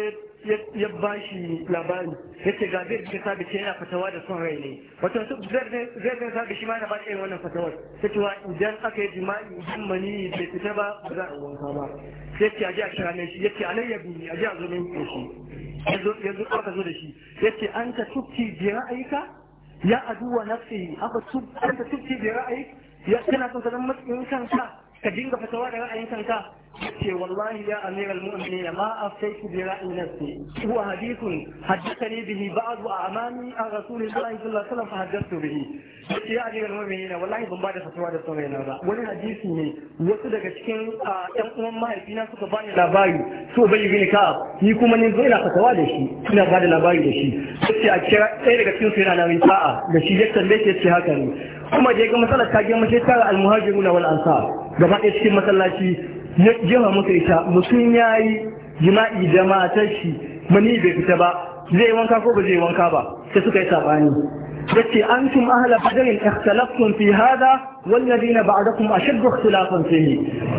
ya ba shi labari ya ce ga zai bin sabi ce yana fatawa da son rai ne wato zai bin sabi shi ma yana ba irin wannan fatawar ta cewa idan aka yi jima'i idan mani bai fita ba ba za a wanka ba sai ce a ji a kira mai shi ya ce ya bi a ji a zo ne shi ya zo aka zo da shi ya ce an ka tukki bi ra'ayika ya aduwa nafsi aka tukki bi ra'ayi ya kana son ka zama matsayin kanka ka dinga fatawa da ra'ayin kanka يقول والله يا أمير المؤمنين ما أفتيت برأي نفسي هو حديث حدثني به بعض أعمامي عن رسول الله صلى الله عليه وسلم فحدثت به يا أمير المؤمنين والله بن فتوى da saurayi na ba wani hadisi ne wasu daga cikin ƴan uwan mahaifina suka bani labari so bai bin ka ni kuma ni ina fatawa da shi ina ba labari da shi sai a kira ɗaya daga cikin yana nan sa'a da ya ce haka ne kuma da ya ga matsalar ta girma sai tara al-muhajiruna wal ansar gaba ɗaya cikin masallaci ya jima muka ita mutum ya yi jima'i da matar shi mani bai fita ba zai wanka ko ba zai wanka ba sai suka yi saɓani yace antum ahla badr ikhtalaftum fi hada walladina ba'dakum ashadd ikhtilafan fihi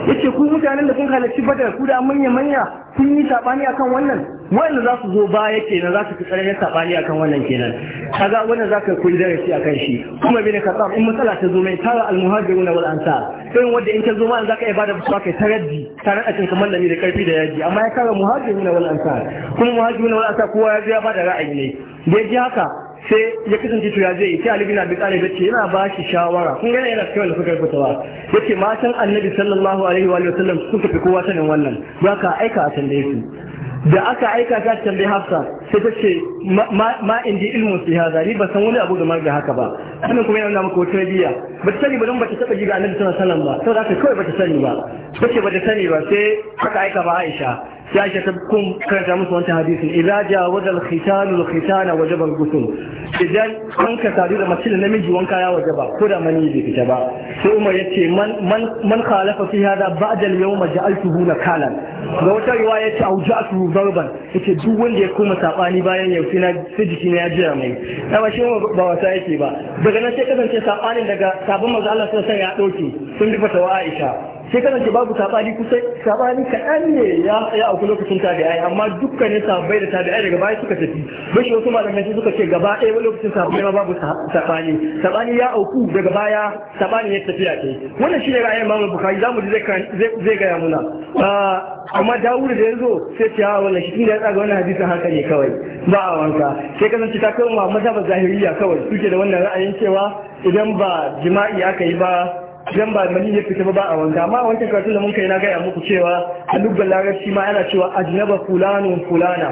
yace ku mutanen da kun halarci badar ku da manya manya kun yi sabani akan wannan wanda za su zo baya kenan za su fi tsare sabani akan wannan kenan kaga wannan kai koyi darasi akan shi kuma bin kasam in matsala ta zo mai tara almuhajiruna wal ansar irin wanda in ta zo ma zaka iya bada fatawa kai taraddi tare da cikin mallami da karfi da yaji amma ya kara muhajiruna wal ansar kuma muhajiruna wal ansar kowa ya bada ra'ayi ne da ji haka sai ya kasance to ya je sai Ali bin Abi Talib ya ce yana ba shi shawara kun ga yana cikin suka fitowa ba yace matan Annabi sallallahu alaihi wa sallam suka fi kowa sanin wannan ba ka aika a tambaye su da aka aika ta tambaye Hafsa sai ta ce ma in ilmu ilmin su hada ni ba san wani abu game da haka ba sannan kuma yana muku wata biya ba ta sani ba don ba ta taba ji ga Annabi sallallahu alaihi wa sallam ba saboda haka kawai ba ta sani ba ba ce ba ta sani ba sai aka aika ba Aisha sai ake ta kun karanta musu wancan hadisin idza jawaza al-khitalu al-khitana wajaba al-ghusl idan an sadu da mace da namiji wanka ya wajaba ko da mani bai fita ba sai Umar yace man man man khalafa fi hada ba'da al-yawma ja'altuhu nakalan ga wata riwaya yace auja'tu zarban yace duk wanda ya koma sabani bayan yau sai na sai jiki ya jira mai da shi ba wata yake ba daga nan sai kasance sabanin daga sabon manzo Allah sai ya dauke sun bi wa Aisha sai kana babu sabani kusa sabani kaɗan ne ya ya auku lokacin ai amma dukkanin sabai da ai daga baya suka tafi bashi wasu malamai sai suka ce gaba ɗaya wani lokacin sabai ma babu sabani sabani ya auku daga baya sabani ya a kai wannan shine ra'ayin Imam bukari zamu ji zai gaya muna ah, amma Dawud da zo sai ta ah, wannan shi inda ya tsaga wannan hadisin haka ne kawai ba a wanka sai kasance ta kawo mazhabar zahiriya kawai suke da wannan ra'ayin cewa idan ba jima'i aka yi ba idan ba mani ya fita ba a wanka amma a wancan karatun da mun kai na gaya muku cewa a lubban larabci ma yana cewa ajnaba fulanun fulana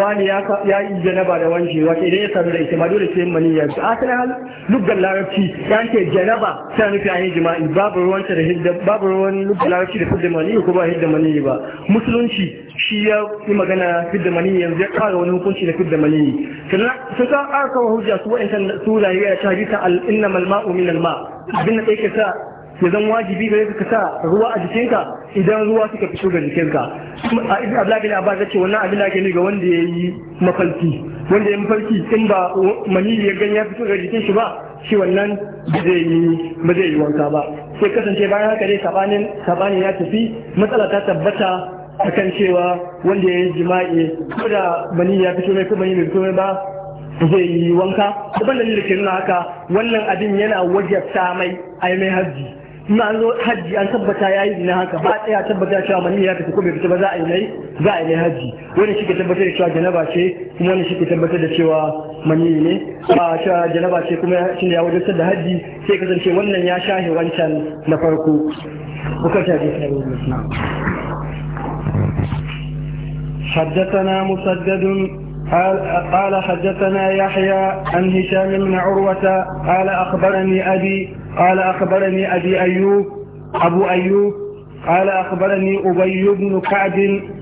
wani ya yi janaba da wance wata idan ya sadu da ita ma dole sai mani ya A asali hal lubban larabci ya ce janaba ta nufi an yi jima'i babu ruwanta da hidda babu ruwan lubban larabci da fidda mani ko ba hidda mani ba musulunci shi ya yi magana fidda mani yanzu ya kara wani hukunci da fidda mani sannan sun ka aka kawo hujja su wa'ancan su zahiriya ta hadisa al-innamal ma'u min al-ma' abin da yake sa ya zan wajibi gare ka sa ruwa a jikinka idan ruwa suka fito ga jikinka A Abdullahi Abba Abbas ce wannan abin da ne ga wanda ya yi mafarki wanda ya yi mafarki in ba manili ya gani ya fito ga jikin shi ba shi wannan ba zai yi wanka ba sai kasance bayan haka dai sabanin ya tafi matsala ta tabbata akan cewa wanda ya yi jima'i ko da mani ya fito mai ko mani bai fito mai ba zai yi wanka abin da ke nuna haka wannan abin yana wajen mai ai mai hajji Na zo hajji an tabbata ya yi na haka ba tsaya tabbata cewa mani ya fita ko bai fita ba za a yi nai za a yi nai hajji wani shi ke tabbatar da cewa janaba ce kuma wani shi ke tabbatar da cewa mani ne a cewa janaba ce kuma shi ya wajen da hajji sai kasance wannan ya shahe wancan na farko bukatar da ya حدثنا مسدد قال, حدثنا يحيى عن هشام بن عروة قال أخبرني أبي قال أخبرني أبي أيوب أبو أيوب قال أخبرني أبي بن كعب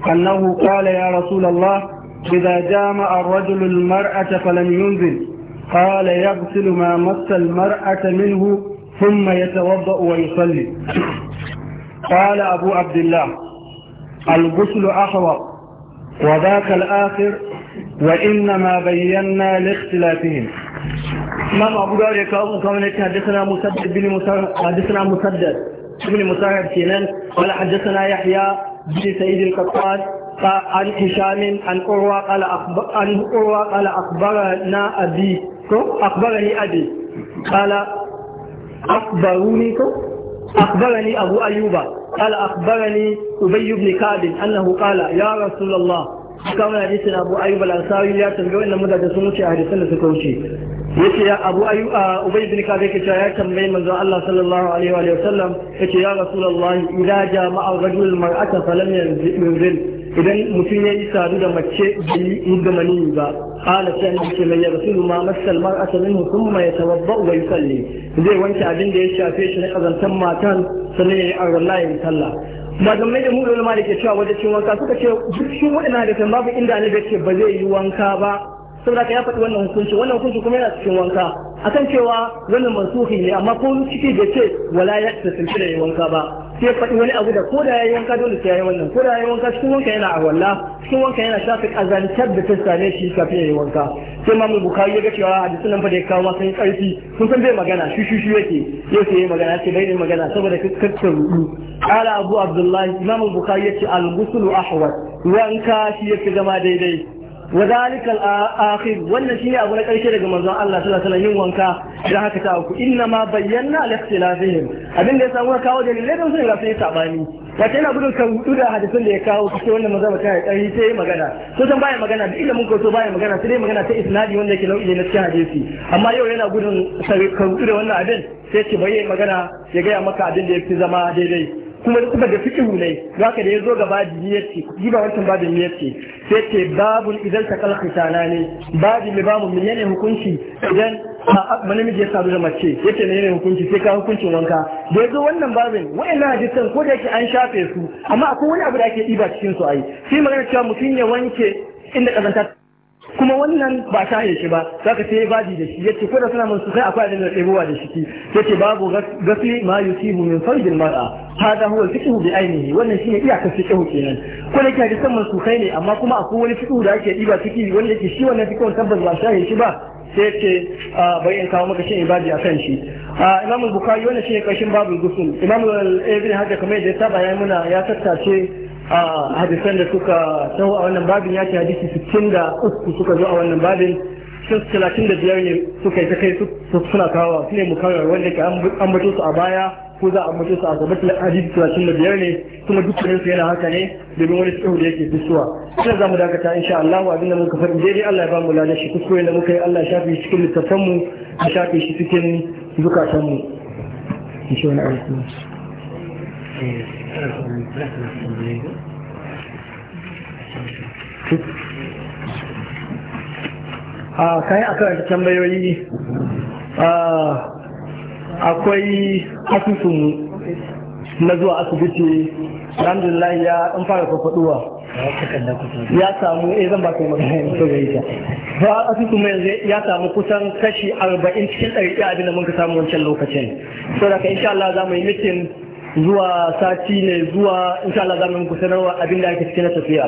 أنه قال يا رسول الله إذا جامع الرجل المرأة فلم ينزل قال يغسل ما مس المرأة منه ثم يتوضأ ويصلي قال أبو عبد الله الغسل أحوط وذاك الآخر وإنما بينا لاختلافهم ما أبو داري يكاوم كمان حدثنا مسدد بن مسدد حدثنا مسدد بن مسدد كنان قال حدثنا يحيى بن سيد القطان عن هشام عن قروة قال عن قروة قال أخبرنا أبي أخبرني أبي قال أخبروني أخبرني أبو أيوب قال أخبرني أبي بن كعب أنه قال يا رسول الله haka wani hadisin abu ayyub al-ansawi ya tambaye wannan mutane sun wuce a hadisin da suka wuce yace ya abu ayyub ubay bin kabe yake cewa ya tambaye manzo Allah sallallahu alaihi wa sallam yace ya rasulullahi idza jama'a rajul mar'ata falam yanzil idan mutum ya yi sadu da mace bai yi da mani ba ala sai ne ce mai yarsu ma masal asalin hukum ma ya tawabba wa yusalli zai wanke abin da ya shafe shi na kazantan matan sannan ya yi arwalla ya yi sallah malamai da mu da da ke cewa wajen cin wanka suka ce shi waɗanda da kan babu inda annabi ce ba zai yi wanka ba saboda ka ya faɗi wannan hukunci wannan hukunci kuma yana cikin wanka akan cewa wannan mansuhi ne amma ko ciki da ce wala ya tsaye da wanka ba sai faɗi wani abu da ko da yayin wanka dole sai yayin wannan ko da yayin wanka cikin wanka yana a walla cikin wanka yana shafi kazantar da ta same shi kafin yi wanka sai mamu bukari ya ga cewa hadisin nan fa da ya kawo masa karfi sun san bai magana shi shi shi yake yau sai magana sai bai magana saboda kakkar rudu ala abu abdullahi imamu bukari yace al ghusl ahwat wanka shi yake zama daidai wa zalika al-akhir wannan shine abu na karshe daga manzon Allah sallallahu alaihi yin wanka da haka ta ku inna ma bayyana al-ikhtilafihim abin da ya samu kawo dalilai don sun rafi sabani wato yana gudun kan hudu da hadisin da ya kawo kace wannan manzon ba kai kai sai magana to san baya magana da ilimin ko baya magana sai dai magana ta isnadi wanda yake nau'i na cikin hadisi amma yau yana gudun kan hudu da wannan abin sai ce bai magana ya ga maka abin da fi zama daidai kuma da suka ga fiqhu ne zaka da yazo gaba diyace ji ba wancan babin ne sai ce babul idan ta kal tana ne babi ne babu mun yana hukunci idan namiji ya sadu da mace yace ne yana hukunci sai ka hukuncin wanka da yazo wannan babin na hadisan ko da yake an shafe su amma akwai wani abu da ake diba cikin su ai sai magana cewa mutum ya wanke inda kazanta kuma wannan ba ta shi ba Za ka sai baji da shi yace ko da suna mun sai akwai adadin da tsebowa da shi yace babu gafi ma yusibu min farjil mar'a hada huwa fiqhu bi ainihi wannan shine iyakar fiqhu kenan ko da kike san mun kai ne amma kuma akwai wani fiqhu da ake diba ciki wanda yake shi wannan fiqhu tabbas ba ta shi ba sai ce bai in kawo maka shi ibadi akan shi imam bukhari wannan shine kashin babu gusul imam ibn hajar kamar da ya saba ya muna ya tattace a hadisan da suka taho a wannan babin ya ce hadisi sittin da uku suka zo a wannan babin sun talatin da biyar ne suka yi ta kai suna kawo su ne mukarar wanda ke ambato su a baya ko za a ambato su a gaba hadisi talatin da biyar ne kuma dukkanin su yana haka ne domin wani tsohu da yake bisuwa ina za mu dakata insha Allah wa abinda muka faɗi daidai Allah ya ba mu lada shi kuskure da muka yi Allah ya shafi shi cikin mu ya shafi shi cikin zukatan Insha Allah. a aka akan tambayoyi akwai asusun na zuwa asibiti alhamdulillah ya an fara kwakwaduwa ya samu eh zan ba ka magana to ga ita ba asusun mai ya samu kusan kashi 40 cikin 100 abin da mun ka samu wancan lokacin saboda ka insha Allah za mu yi meeting zuwa sati ne zuwa insha Allah za mu muku sanarwa abin da ake cikin na tafiya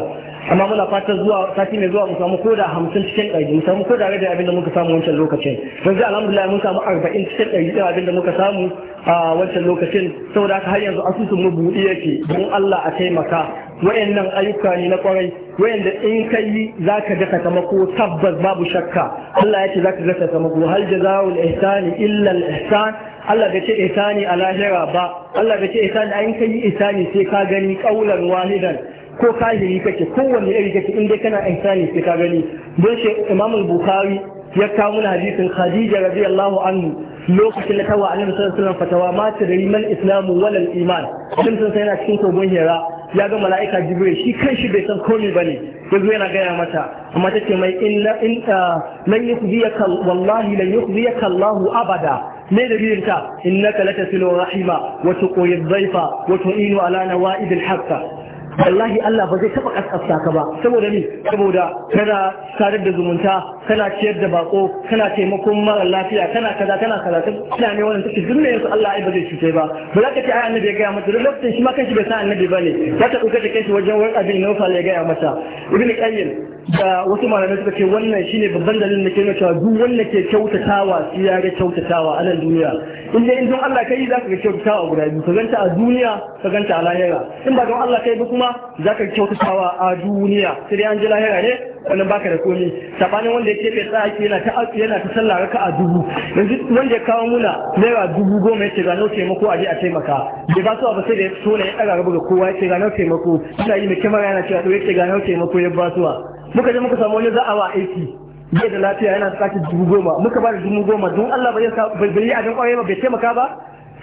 amma muna fata zuwa sati ne zuwa mu samu koda hamsin cikin ɗari mu samu koda rage abin da muka samu wancan lokacin yanzu alhamdulillah mun samu arba'in cikin ɗari da abin da muka samu a wancan lokacin saboda haka har yanzu asusun mu buɗe yake don Allah a taimaka wayannan ayyuka ne na kwarai wayanda in ka yi za ka ga sakamako tabbas babu shakka Allah ya ce za ka ga sakamako hal jazaa'ul ihsani illa al ihsan Allah bai ce ihsani a lahira ba Allah bai ce ihsani an ka yi ihsani sai ka gani kaulan wahidan ko kahiri kake kowanne iri kake in dai kana ihsani sai ka gani don shi Imam bukhari ya kawo mana hadisin Khadija radiyallahu anhu lokacin da tawa annabi sallallahu alaihi wasallam fatawa ma da iman islamu wal iman sun san yana cikin kogon hira ya ga mala'ika jibril shi kanshi bai san komai bane yanzu yana gaya mata amma tace mai inna in ah, lan yukhziyaka wallahi lan yukhziyaka Allahu abada me dalilin ta innaka latasilu rahima wa tuqi dhaifa wa tu'inu ala nawaid al wallahi Allah ba zai taba kaskasta ka ba saboda ni saboda kana sadar da zumunta kana ciyar da bako kana taimakon mara lafiya kana kaza kana kaza kana ne wannan take duk yanzu Allah ai ba zai cuce ba ba za ka ce ai annabi ya gaya mata duk lokacin shi ma kanshi bai san annabi ba ne za ka dauka da kanshi wajen wani abin nufa ya gaya mata ibn qayyim da wasu malamai suka ce wannan shine babban dalilin da ke nuna cewa duk wanda ke kyautatawa shi ya ga kyautatawa a nan duniya in dai in don Allah kai za ka ga kyautatawa guda biyu ka ganta a duniya ka ganta a lahira in ba don Allah kai ba kuma za ka kyautatawa a duniya sai dai an ji lahira ne wannan baka da komi sabanin wanda ya kefe tsaki yana ta yana ta sallah raka a dubu yanzu wanda ya kawo muna naira dubu goma ya ce ga nau taimako a je a taimaka bai ba su ba sai da ya so na ya ɗaga rabu ga kowa ya ce ga nau taimako ina yi mai kyamara yana cewa ya ce ga nau taimako ya ba su muka je muka samu wani za a wa aiki bai da lafiya yana bukatar dubu goma muka ba da dubu goma don Allah bai yi abin kwaye ba bai taimaka ba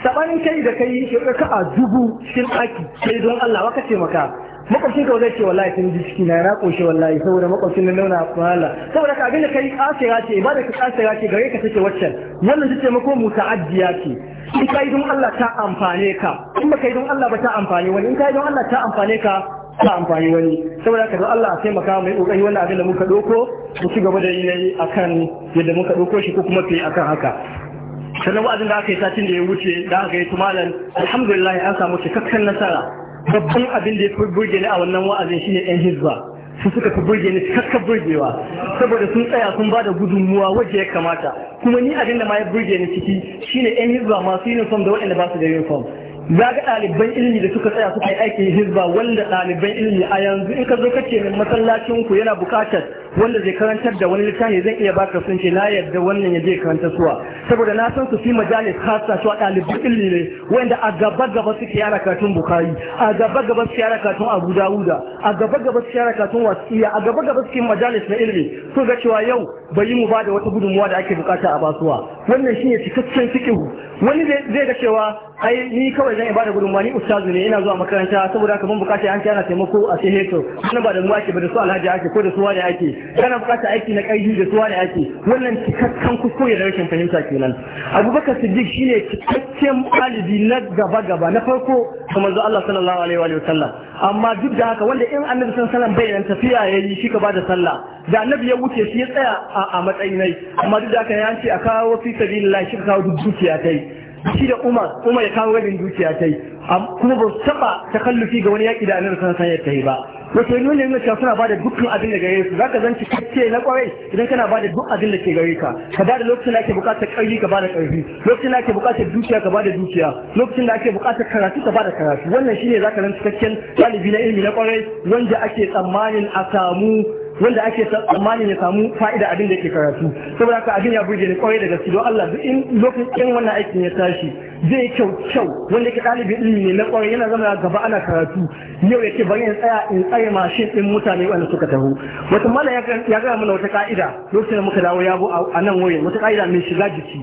sabanin kai da kai shi a dubu cikin ɗaki sai don Allah waka ce maka makwabcin ka zai ce wallahi sun ji ciki na na koshe wallahi saboda makwabcin na nuna Allah saboda ka abin da kai asira ce da ka asira ce gare ka take waccan wannan ta taimako addiya ce in kai don Allah ta amfane ka in ba yi don Allah ba ta amfane wani in kai don Allah ta amfane ka ta amfani wani saboda ka zo Allah a taimaka mai kokari wannan abin da muka doko mu ci gaba da yi akan yadda muka doko shi ko kuma fiye akan haka sannan wa'azin da aka yi satin da ya wuce da aka yi tumalan alhamdulillah an samu cikakken nasara babban abin da ya fi burge ni a wannan wa'azin shine yan hizba su suka fi burge ni cikakken burgewa saboda sun tsaya sun ba da gudunmuwa wajen ya kamata kuma ni abin da ma ya burge ni ciki shine yan hizba masu uniform da waɗanda ba su da uniform za ga ɗaliban ilimi da suka tsaya suka yi aikin hizba wanda ɗaliban ilimi a yanzu in ka zo kace min masallacin ku yana buƙatar wanda zai karantar da wani littafi zan iya baka sun ce na yadda wannan ya je karanta suwa saboda na san su fi majalis hasa su ɗalibin ilmi ne wanda a gaba gaba suke yara katun bukari a gaba gaba suke yara katun abu dawuda a gaba gaba suke yara katun wasiya a gaba gaba suke majalis na ilmi so ga cewa yau bai yi mu ba da wata gudunmuwa da ake bukata a basuwa wannan shine cikakken fikihu wani zai ga cewa ai ni kawai zan ibada gudunmuwa ni ustazu ne ina zuwa makaranta saboda haka ban bukata an ana taimako a sai heto wannan ba da mu ake ba da su alhaji ake ko da su wani ake kana bukatar aiki na ƙarfi da suwa da ake wannan cikakken kuskure da rashin fahimta kenan abubakar siddiq shine cikakken ɗalibi na gaba gaba na farko ga manzo Allah sallallahu alaihi wa sallam amma duk da haka wanda in annabi sallallahu alaihi bai nan tafiya yi, shi ka da sallah da annabi ya wuce shi ya tsaya a matsayin amma duk da haka ya ce a kawo fi sabilillah shi ka kawo duk dukiya kai shi da umar umar ya kawo rabin dukiya ta yi kuma ba su taɓa takallufi ga wani yaƙi da annabi sallallahu alaihi wasallam ya ba wato nuna yana cewa suna bada dukkan abin da gare su zaka zanci kacce na kwarai idan kana bada duk abin da ke gare ka ka bada lokacin da ake bukatar karfi ka bada karfi lokacin da ake bukatar dukiya ka bada dukiya lokacin da ake bukatar karatu ka bada karatu wannan shine zaka zanci cikakken ɗalibi na ilimi na kwarai wanda ake tsammanin a samu wanda ake tsammanin ya samu fa'ida abin da ke karatu saboda haka abin ya burge ni kwarai da gaske don Allah duk in lokacin wannan aikin ya tashi zai kyau kyau wanda yake ɗalibin ilimi ne na kwarai yana zama gaba ana karatu yau yake bari in tsaya in tsaye mashin din mutane wanda suka taho wata mala ya gaya mana wata ka'ida lokacin da muka dawo bo a nan wurin wata ka'ida mai shiga jiki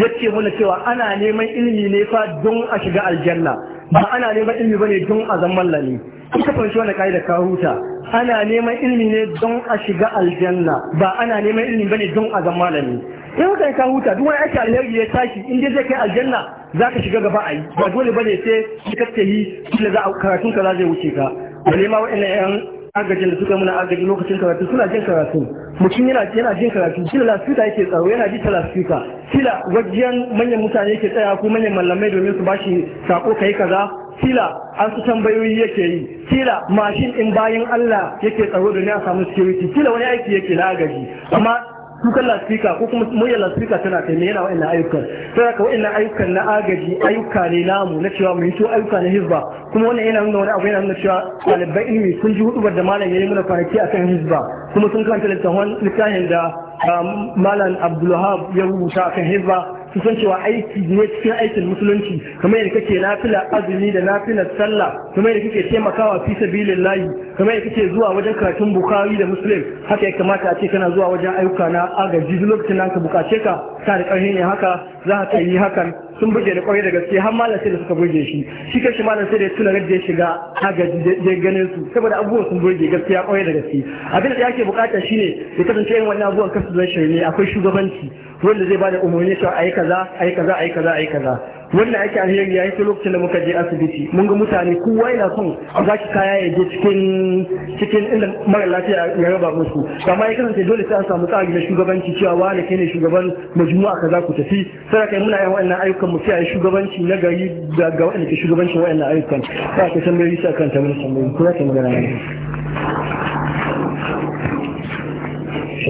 yace mana cewa ana neman ilimi ne fa don a shiga aljanna ba ana neman ilimi ne don a zama lani in ka fahimci wannan ka'ida ka huta ana neman ilimi ne don a shiga aljanna ba ana neman ilimi bane don a ga malami in ka ka huta duk wani aiki alheri ya tashi in dai zai kai aljanna za ka shiga gaba a yi ba dole bane sai ka tafi kila za a karatun ka za zai wuce ka wale ma wa'annan yan agajin da suka muna agaji lokacin karatu suna jin karatu mutum yana yana jin karatu kila lasfika yake tsaro yana ji ta lasfika kila wajen manyan mutane yake tsaya ko manyan mallamai domin su bashi sako kai kaza kila an su tambayoyi yake yi kila mashin in bayan Allah yake tsaro da ne a samu security kila wani aiki yake lagaji amma kukan lasfika ko kuma muryar lasfika tana kai me yana wa'annan ayyukan sai ka wa'annan ayyukan na agaji ayyuka ne namu na cewa mu yi ayyuka na hizba kuma wannan yana nuna wani abu yana nuna cewa ɗaliban ilimi sun ji hudubar da malam ya yi mana kwanaki kan hizba kuma sun karanta littafin da um, malam abdulhab ya rubuta a kan hizba su san cewa aiki ne cikin aikin musulunci kamar yadda kake nafila azumi da nafilar sallah kamar yadda kake taimakawa fi layi kamar yadda kake zuwa wajen karatun bukari da musulun haka ya kamata a ce kana zuwa wajen ayyuka na agaji duk lokacin da ka bukace ka ta da ƙarfi ne haka za ka yi hakan sun buge da kwarai da gaske har malam sai da suka burge shi shi shi malam sai da ya tuna da ya shiga agaji da ganin su saboda abubuwan sun burge gaskiya kwarai da gaske abin da yake bukata shine ya kasance yin wannan abubuwan kasu zai shirme akwai shugabanci wanda zai bada umarni cewa ayi kaza ayi kaza ayi kaza ayi kaza wannan ake alheri yayi ta lokacin da muka je asibiti mun ga mutane kowa yana son a zaki kaya ya je cikin cikin inda mara lafiya ya raba musu amma ya kasance dole sai an samu tsari na shugabanci cewa wani kai ne shugaban majmu'a kaza ku tafi sai kai muna yin wannan ayyukan mu sai shugabanci na gari da ga wanda ke shugabancin wannan ayyukan sai ka tambayi shi mun san tambayi ko ka magana ne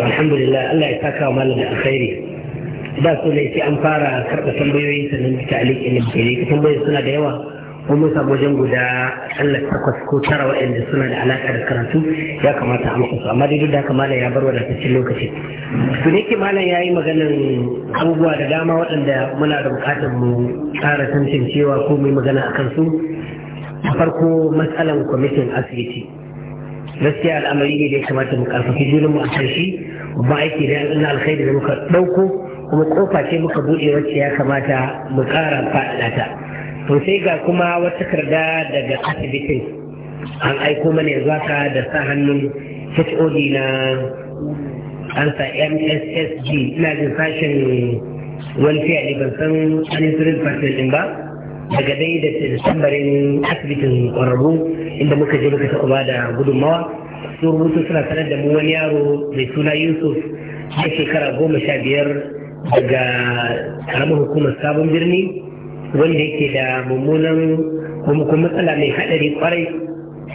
alhamdulillah Allah ya saka malam alkhairi ba su ne sai an fara karɓa tambayoyi sannan ta aliki ne ke tambayoyi suna da yawa mun samu wajen guda Allah takwas ko tara waɗanda suna da alaƙa da karatu ya kamata a muku amma dai duk da haka malam ya bar wadataccen lokaci to ne ke malam ya yi maganar abubuwa da dama waɗanda muna da buƙatar mu ƙara tantancewa ko mu yi magana a kansu a farko matsalan kwamitin asibiti gaskiya al'amari ne da ya kamata mu ƙarfafi jirin mu a kan shi ba aiki da alkhairi da muka ɗauko kuma kofa ce muka buɗe wacce ya kamata mu ƙara faɗaɗa ta to sai ga kuma wata takarda daga asibitin an aiko mana yanzu haka da sa hannun hod na ansa mssg ina jin sashen welfare ne ban san an fasil din ba daga dai da tambarin asibitin ƙwararru inda muka je muka taɓa ba da gudunmawa su rubutu suna sanar da mu wani yaro mai suna yusuf na shekara goma sha biyar daga karamar hukumar sabon birni wanda yake da mummunan kuma matsala mai haɗari kwarai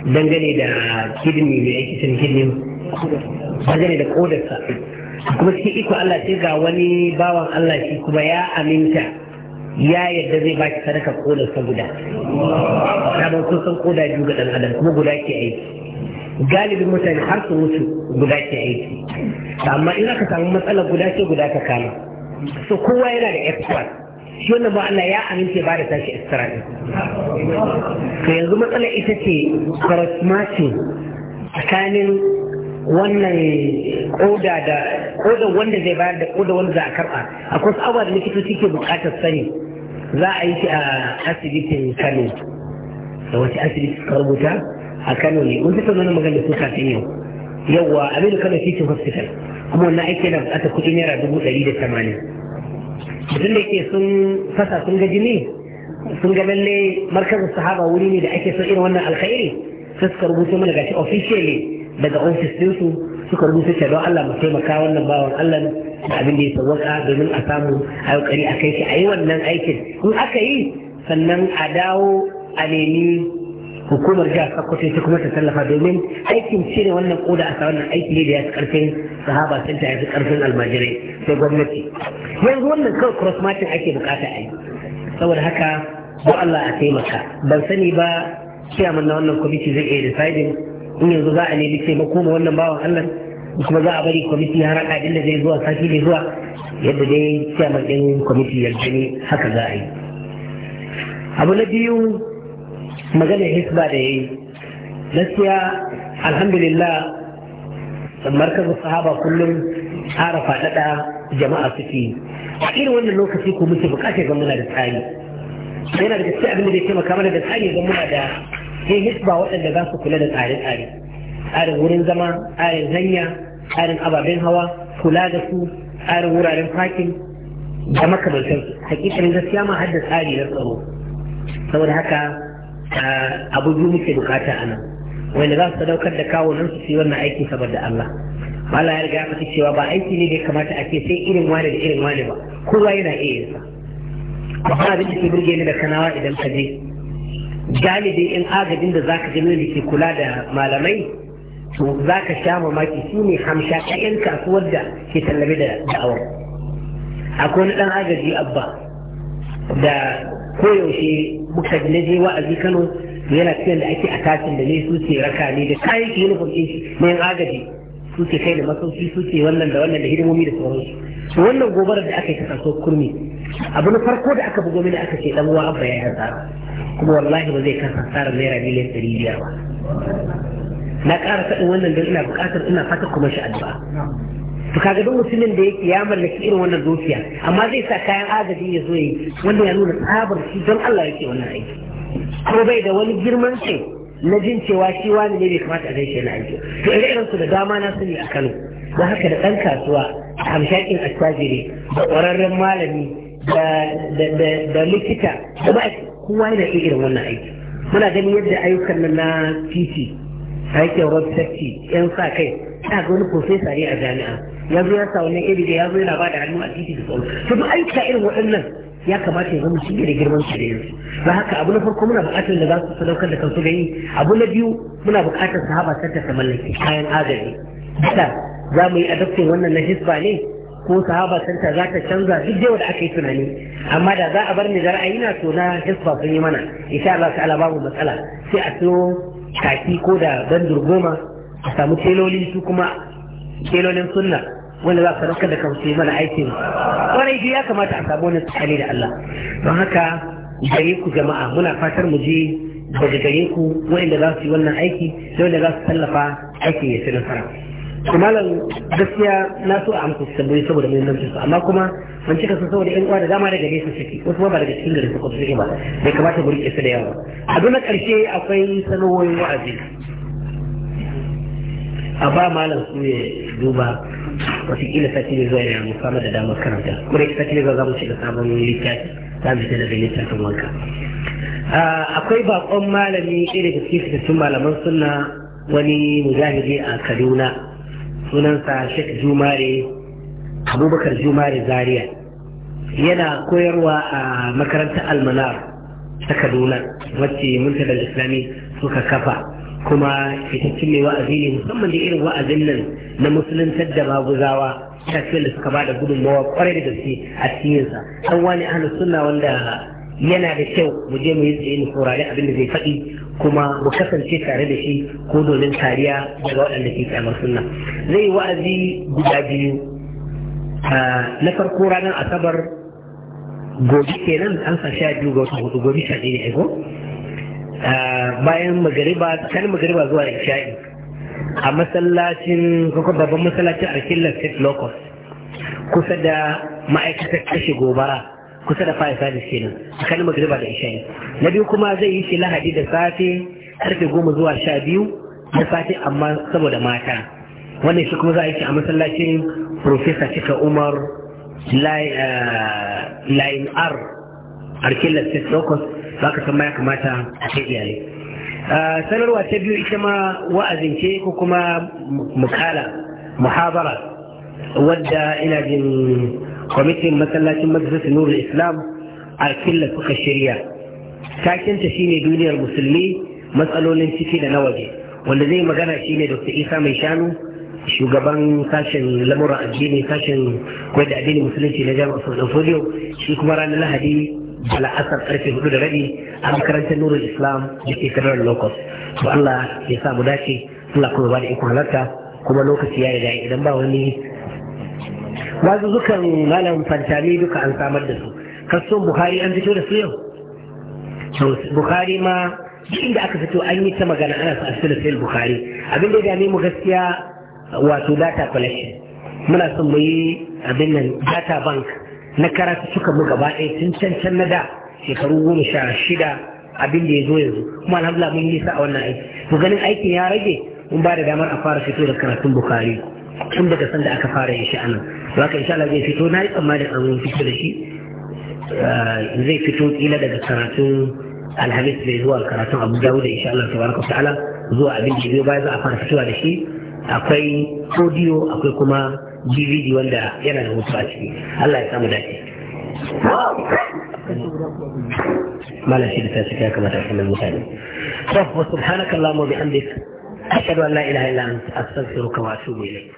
dangane da kidni mai aikicin kidni dangane da kodarsa kuma cikin iko Allah sai ga wani bawan Allah shi kuma ya aminta ya yadda zai baki sadaka kodarsa guda na ban kun san koda biyu ga ɗan adam kuma guda ke aiki galibin mutane har su mutu guda ke aiki amma in aka samu matsala guda ce guda ka kama so kowa yana da f1 shi wannan ba Allah ya amince ba da tashi extra din to yanzu matsalar ita ce cross matching tsakanin wannan koda da koda wanda zai bayar da koda wanda za a karba akwai abubuwa da likitoci ke bukatar sani za a yi shi a asibitin Kano da wace asibiti suka rubuta a Kano ne mun tattauna magana su kafin yau yawwa a Kano Teaching Hospital kuma wannan aiki da bukatar kuɗi naira dubu ɗari da tamanin mutum da yake sun fasa sun ga jini sun ga lalle markazin sahaba wuri ne da ake son irin wannan alkhairi sai suka rubuta mana gashi officially daga ofis ɗinsu suka rubuta ta don Allah mu taimaka wannan bawan Allah da abin da ya sauwaka domin a samu a yi a kai shi a yi wannan aikin in aka yi sannan a dawo a nemi hukumar jihar Sokoto ta kuma ta tallafa domin aikin cire wannan koda a sa wannan aiki ne da ya fi karfin sahaba center ya fi karfin almajirai sai gwamnati yanzu wannan kawai cross matching ake bukata a yi saboda haka ba Allah a taimaka ban sani ba ciyaman na wannan kwamiti zai iya deciding in yanzu za a nemi taimako ma wannan bawan Allah kuma za a bari kwamiti har haɗa inda zai zuwa sashi ne zuwa yadda dai ciyaman 'yan kwamiti ya gani haka za a yi abu na biyu maganar hisba da ya yi gaskiya alhamdulillah markazin sahaba kullum ƙara faɗaɗa jama'a suke a irin wannan lokaci ko muke buƙatar ga muna da tsari yana da gaske abin da zai taimaka mana da tsari ga muna da sai hisba waɗanda za su kula da tsare-tsare tsarin wurin zama tsarin hanya tsarin ababen hawa kula da su tsarin wuraren fakin da makamantansu hakikanin gaskiya ma har da tsari na tsaro saboda haka abu biyu muke bukata a nan wanda za su sadaukar da nan su yi wannan aiki saboda Allah Allah ya riga ya cewa ba aiki ne da ya kamata a ce sai irin wani da irin wani ba kowa yana iya yin ba amma da ke burge ni da kanawa idan ka je galibi in agajin da zaka ji da ke kula da malamai to zaka sha mamaki shi ne hamsha ɗayan kasuwar da ke tallabe da da'awar akwai wani ɗan agaji abba da koyaushe muka na je wa'azi kano yana cikin da ake a tashin da ne su ce raka ne da kayan uniform ɗin agaji su ce kai da masauki su ce wannan da wannan da hidimomi da sauransu to wannan gobarar da aka yi ta kaso kurmi abu na farko da aka bugo mini aka ce dan uwa abba ya kuma wallahi ba zai kasa tsara naira miliyan ɗari biyar ba na ƙara faɗin wannan don ina buƙatar ina fata kuma shi addu'a to kaga duk mutumin da yake ya mallaki irin wannan dukiya amma zai sa kayan agaji ya zo yi wanda ya nuna tsabar shi don Allah yake wannan aiki ko bai da wani girman ce na jin cewa shi wani ne bai kamata a gaishe na aiki to ire irin su da dama na sani a Kano da haka da ɗan kasuwa a hamshakin attajiri da ƙwararren malami da likita da ba kowa yana iya irin wannan aiki muna ganin yadda ayyukan nan na titi aikin rob yan sa kai ta ga wani profesa ne a jami'a ya zo ya sa wannan iri ya zo yana ba da hannu a titi da tsoro to duk aika irin waɗannan ya kamata ya zama shi da girman shi da yanzu ba haka abu na farko muna buƙatar da za su sadaukar da kansu da abu na biyu muna buƙatar haɓa ta mallaki kayan agaji da za mu yi adaptin wannan na hisba ne ko sahaba santa za ta canza duk da wanda aka yi tunani amma da za a bar ni da ra'ayina to na hisba sun yi mana insha Allah ta'ala babu matsala sai a siyo kaki ko da bandur goma a samu teloli su kuma kelolin sunna wanda za ka da kauce mana aikin kwarai ya kamata a samu wani tsakani da Allah don haka gare ku jama'a muna fatar mu je daga gare ku wanda za su yi wannan aiki da wanda za su tallafa aikin ya ci nasara kuma gaskiya na so a amsa tambayi saboda muhimmancin su amma kuma ban cika su saboda yan uwa da dama daga nesa suke wasu ma ba daga cikin gari suke ba bai kamata mu rike su da yawa a na karshe akwai sanarwoyin wa'azi a ba malam su ne duba ila sati ne zuwa yana musamman da damar karanta kuma sati ne zuwa za mu shiga sabon littafi za mu da daga littafin wanka akwai bakon malami ɗaya daga cikin fitattun malaman sunna wani mujahidi a kaduna sunansa shek jumare abubakar jumare zaria yana koyarwa a makarantar almanar ta kaduna wacce mulkar islami suka kafa kuma ce mai wa'azi ne musamman da irin wa'azin nan na musuluntar da maguzawa ta ce da suka bada gudunmawa kwarai da gaske a cikinsa an wani ahlus sunna wanda yana da kyau mu je mu yi tsaye mu saurari abin da zai faɗi kuma mu kasance tare da shi ko domin kariya daga waɗanda ke kyamar sunna zai yi wa'azi guda biyu na farko ranar asabar gobe kenan an sa sha biyu ga wata hudu gobe sha ɗaya ne aiko bayan magariba can magariba zuwa isha'i a masallacin kuka babban masallacin arkilla state locus kusa da ma'aikatar kashe gobara kusa da fire service kenan kan magariba da isha'i na biyu kuma zai yi shi lahadi da safe karfe goma zuwa sha biyu na safe amma saboda mata wannan shi kuma za a yi shi a masallacin profesa cika umar layin eh, r arkilla state locus za ka san ma ya kamata a kai iyalai sanarwa ta biyu ita ma wa'azin ce ko kuma mukala muhabara wadda ina jin kwamitin masallacin majalisar nurul islam a killa suka shirya takinta shine duniyar musulmi matsalolin ciki da na waje wanda zai magana shine dr isa mai shanu shugaban sashen lamuran addini sashen koyar da addinin musulunci na jami'ar sauran foliyo shi kuma ranar lahadi Bala asar karfe hudu da rabi a makarantar nurul islam da ke kanar lokos to allah ya samu dace allah kuma ba da ikon halarta kuma lokaci ya yi riga idan ba wani zukan malam fantami duka an samar da su kaso bukhari an fito da su yau bukhari ma duk inda aka fito an yi ta magana ana sa asila sayil bukhari abin da ya dame mu gaskiya wato data collection muna son mu yi abin nan data bank na karatu suka mu gaba ɗaya tun can can na da shekaru goma sha shida abin da ya zo yanzu kuma alhamdulillah mun yi sa a wannan aiki to ganin aikin ya rage mun ba da damar a fara fito da karatun bukari tun daga sanda aka fara yin shi anan za ka insha Allah zai fito na yi tsammanin an fito da shi eh, zai fito kila daga karatun alhamis bai zuwa karatun abu dawo da insha Allah tabaraka ta'ala zuwa abin da bai za a fara fitowa da shi akwai audio akwai kuma DVD wanda yana da mutu a ciki Allah ya samu dace malam shi da ta cika kamata a mutane to wa subhanakallahumma bihamdik ashhadu an la ilaha illa anta astaghfiruka wa atubu ilayk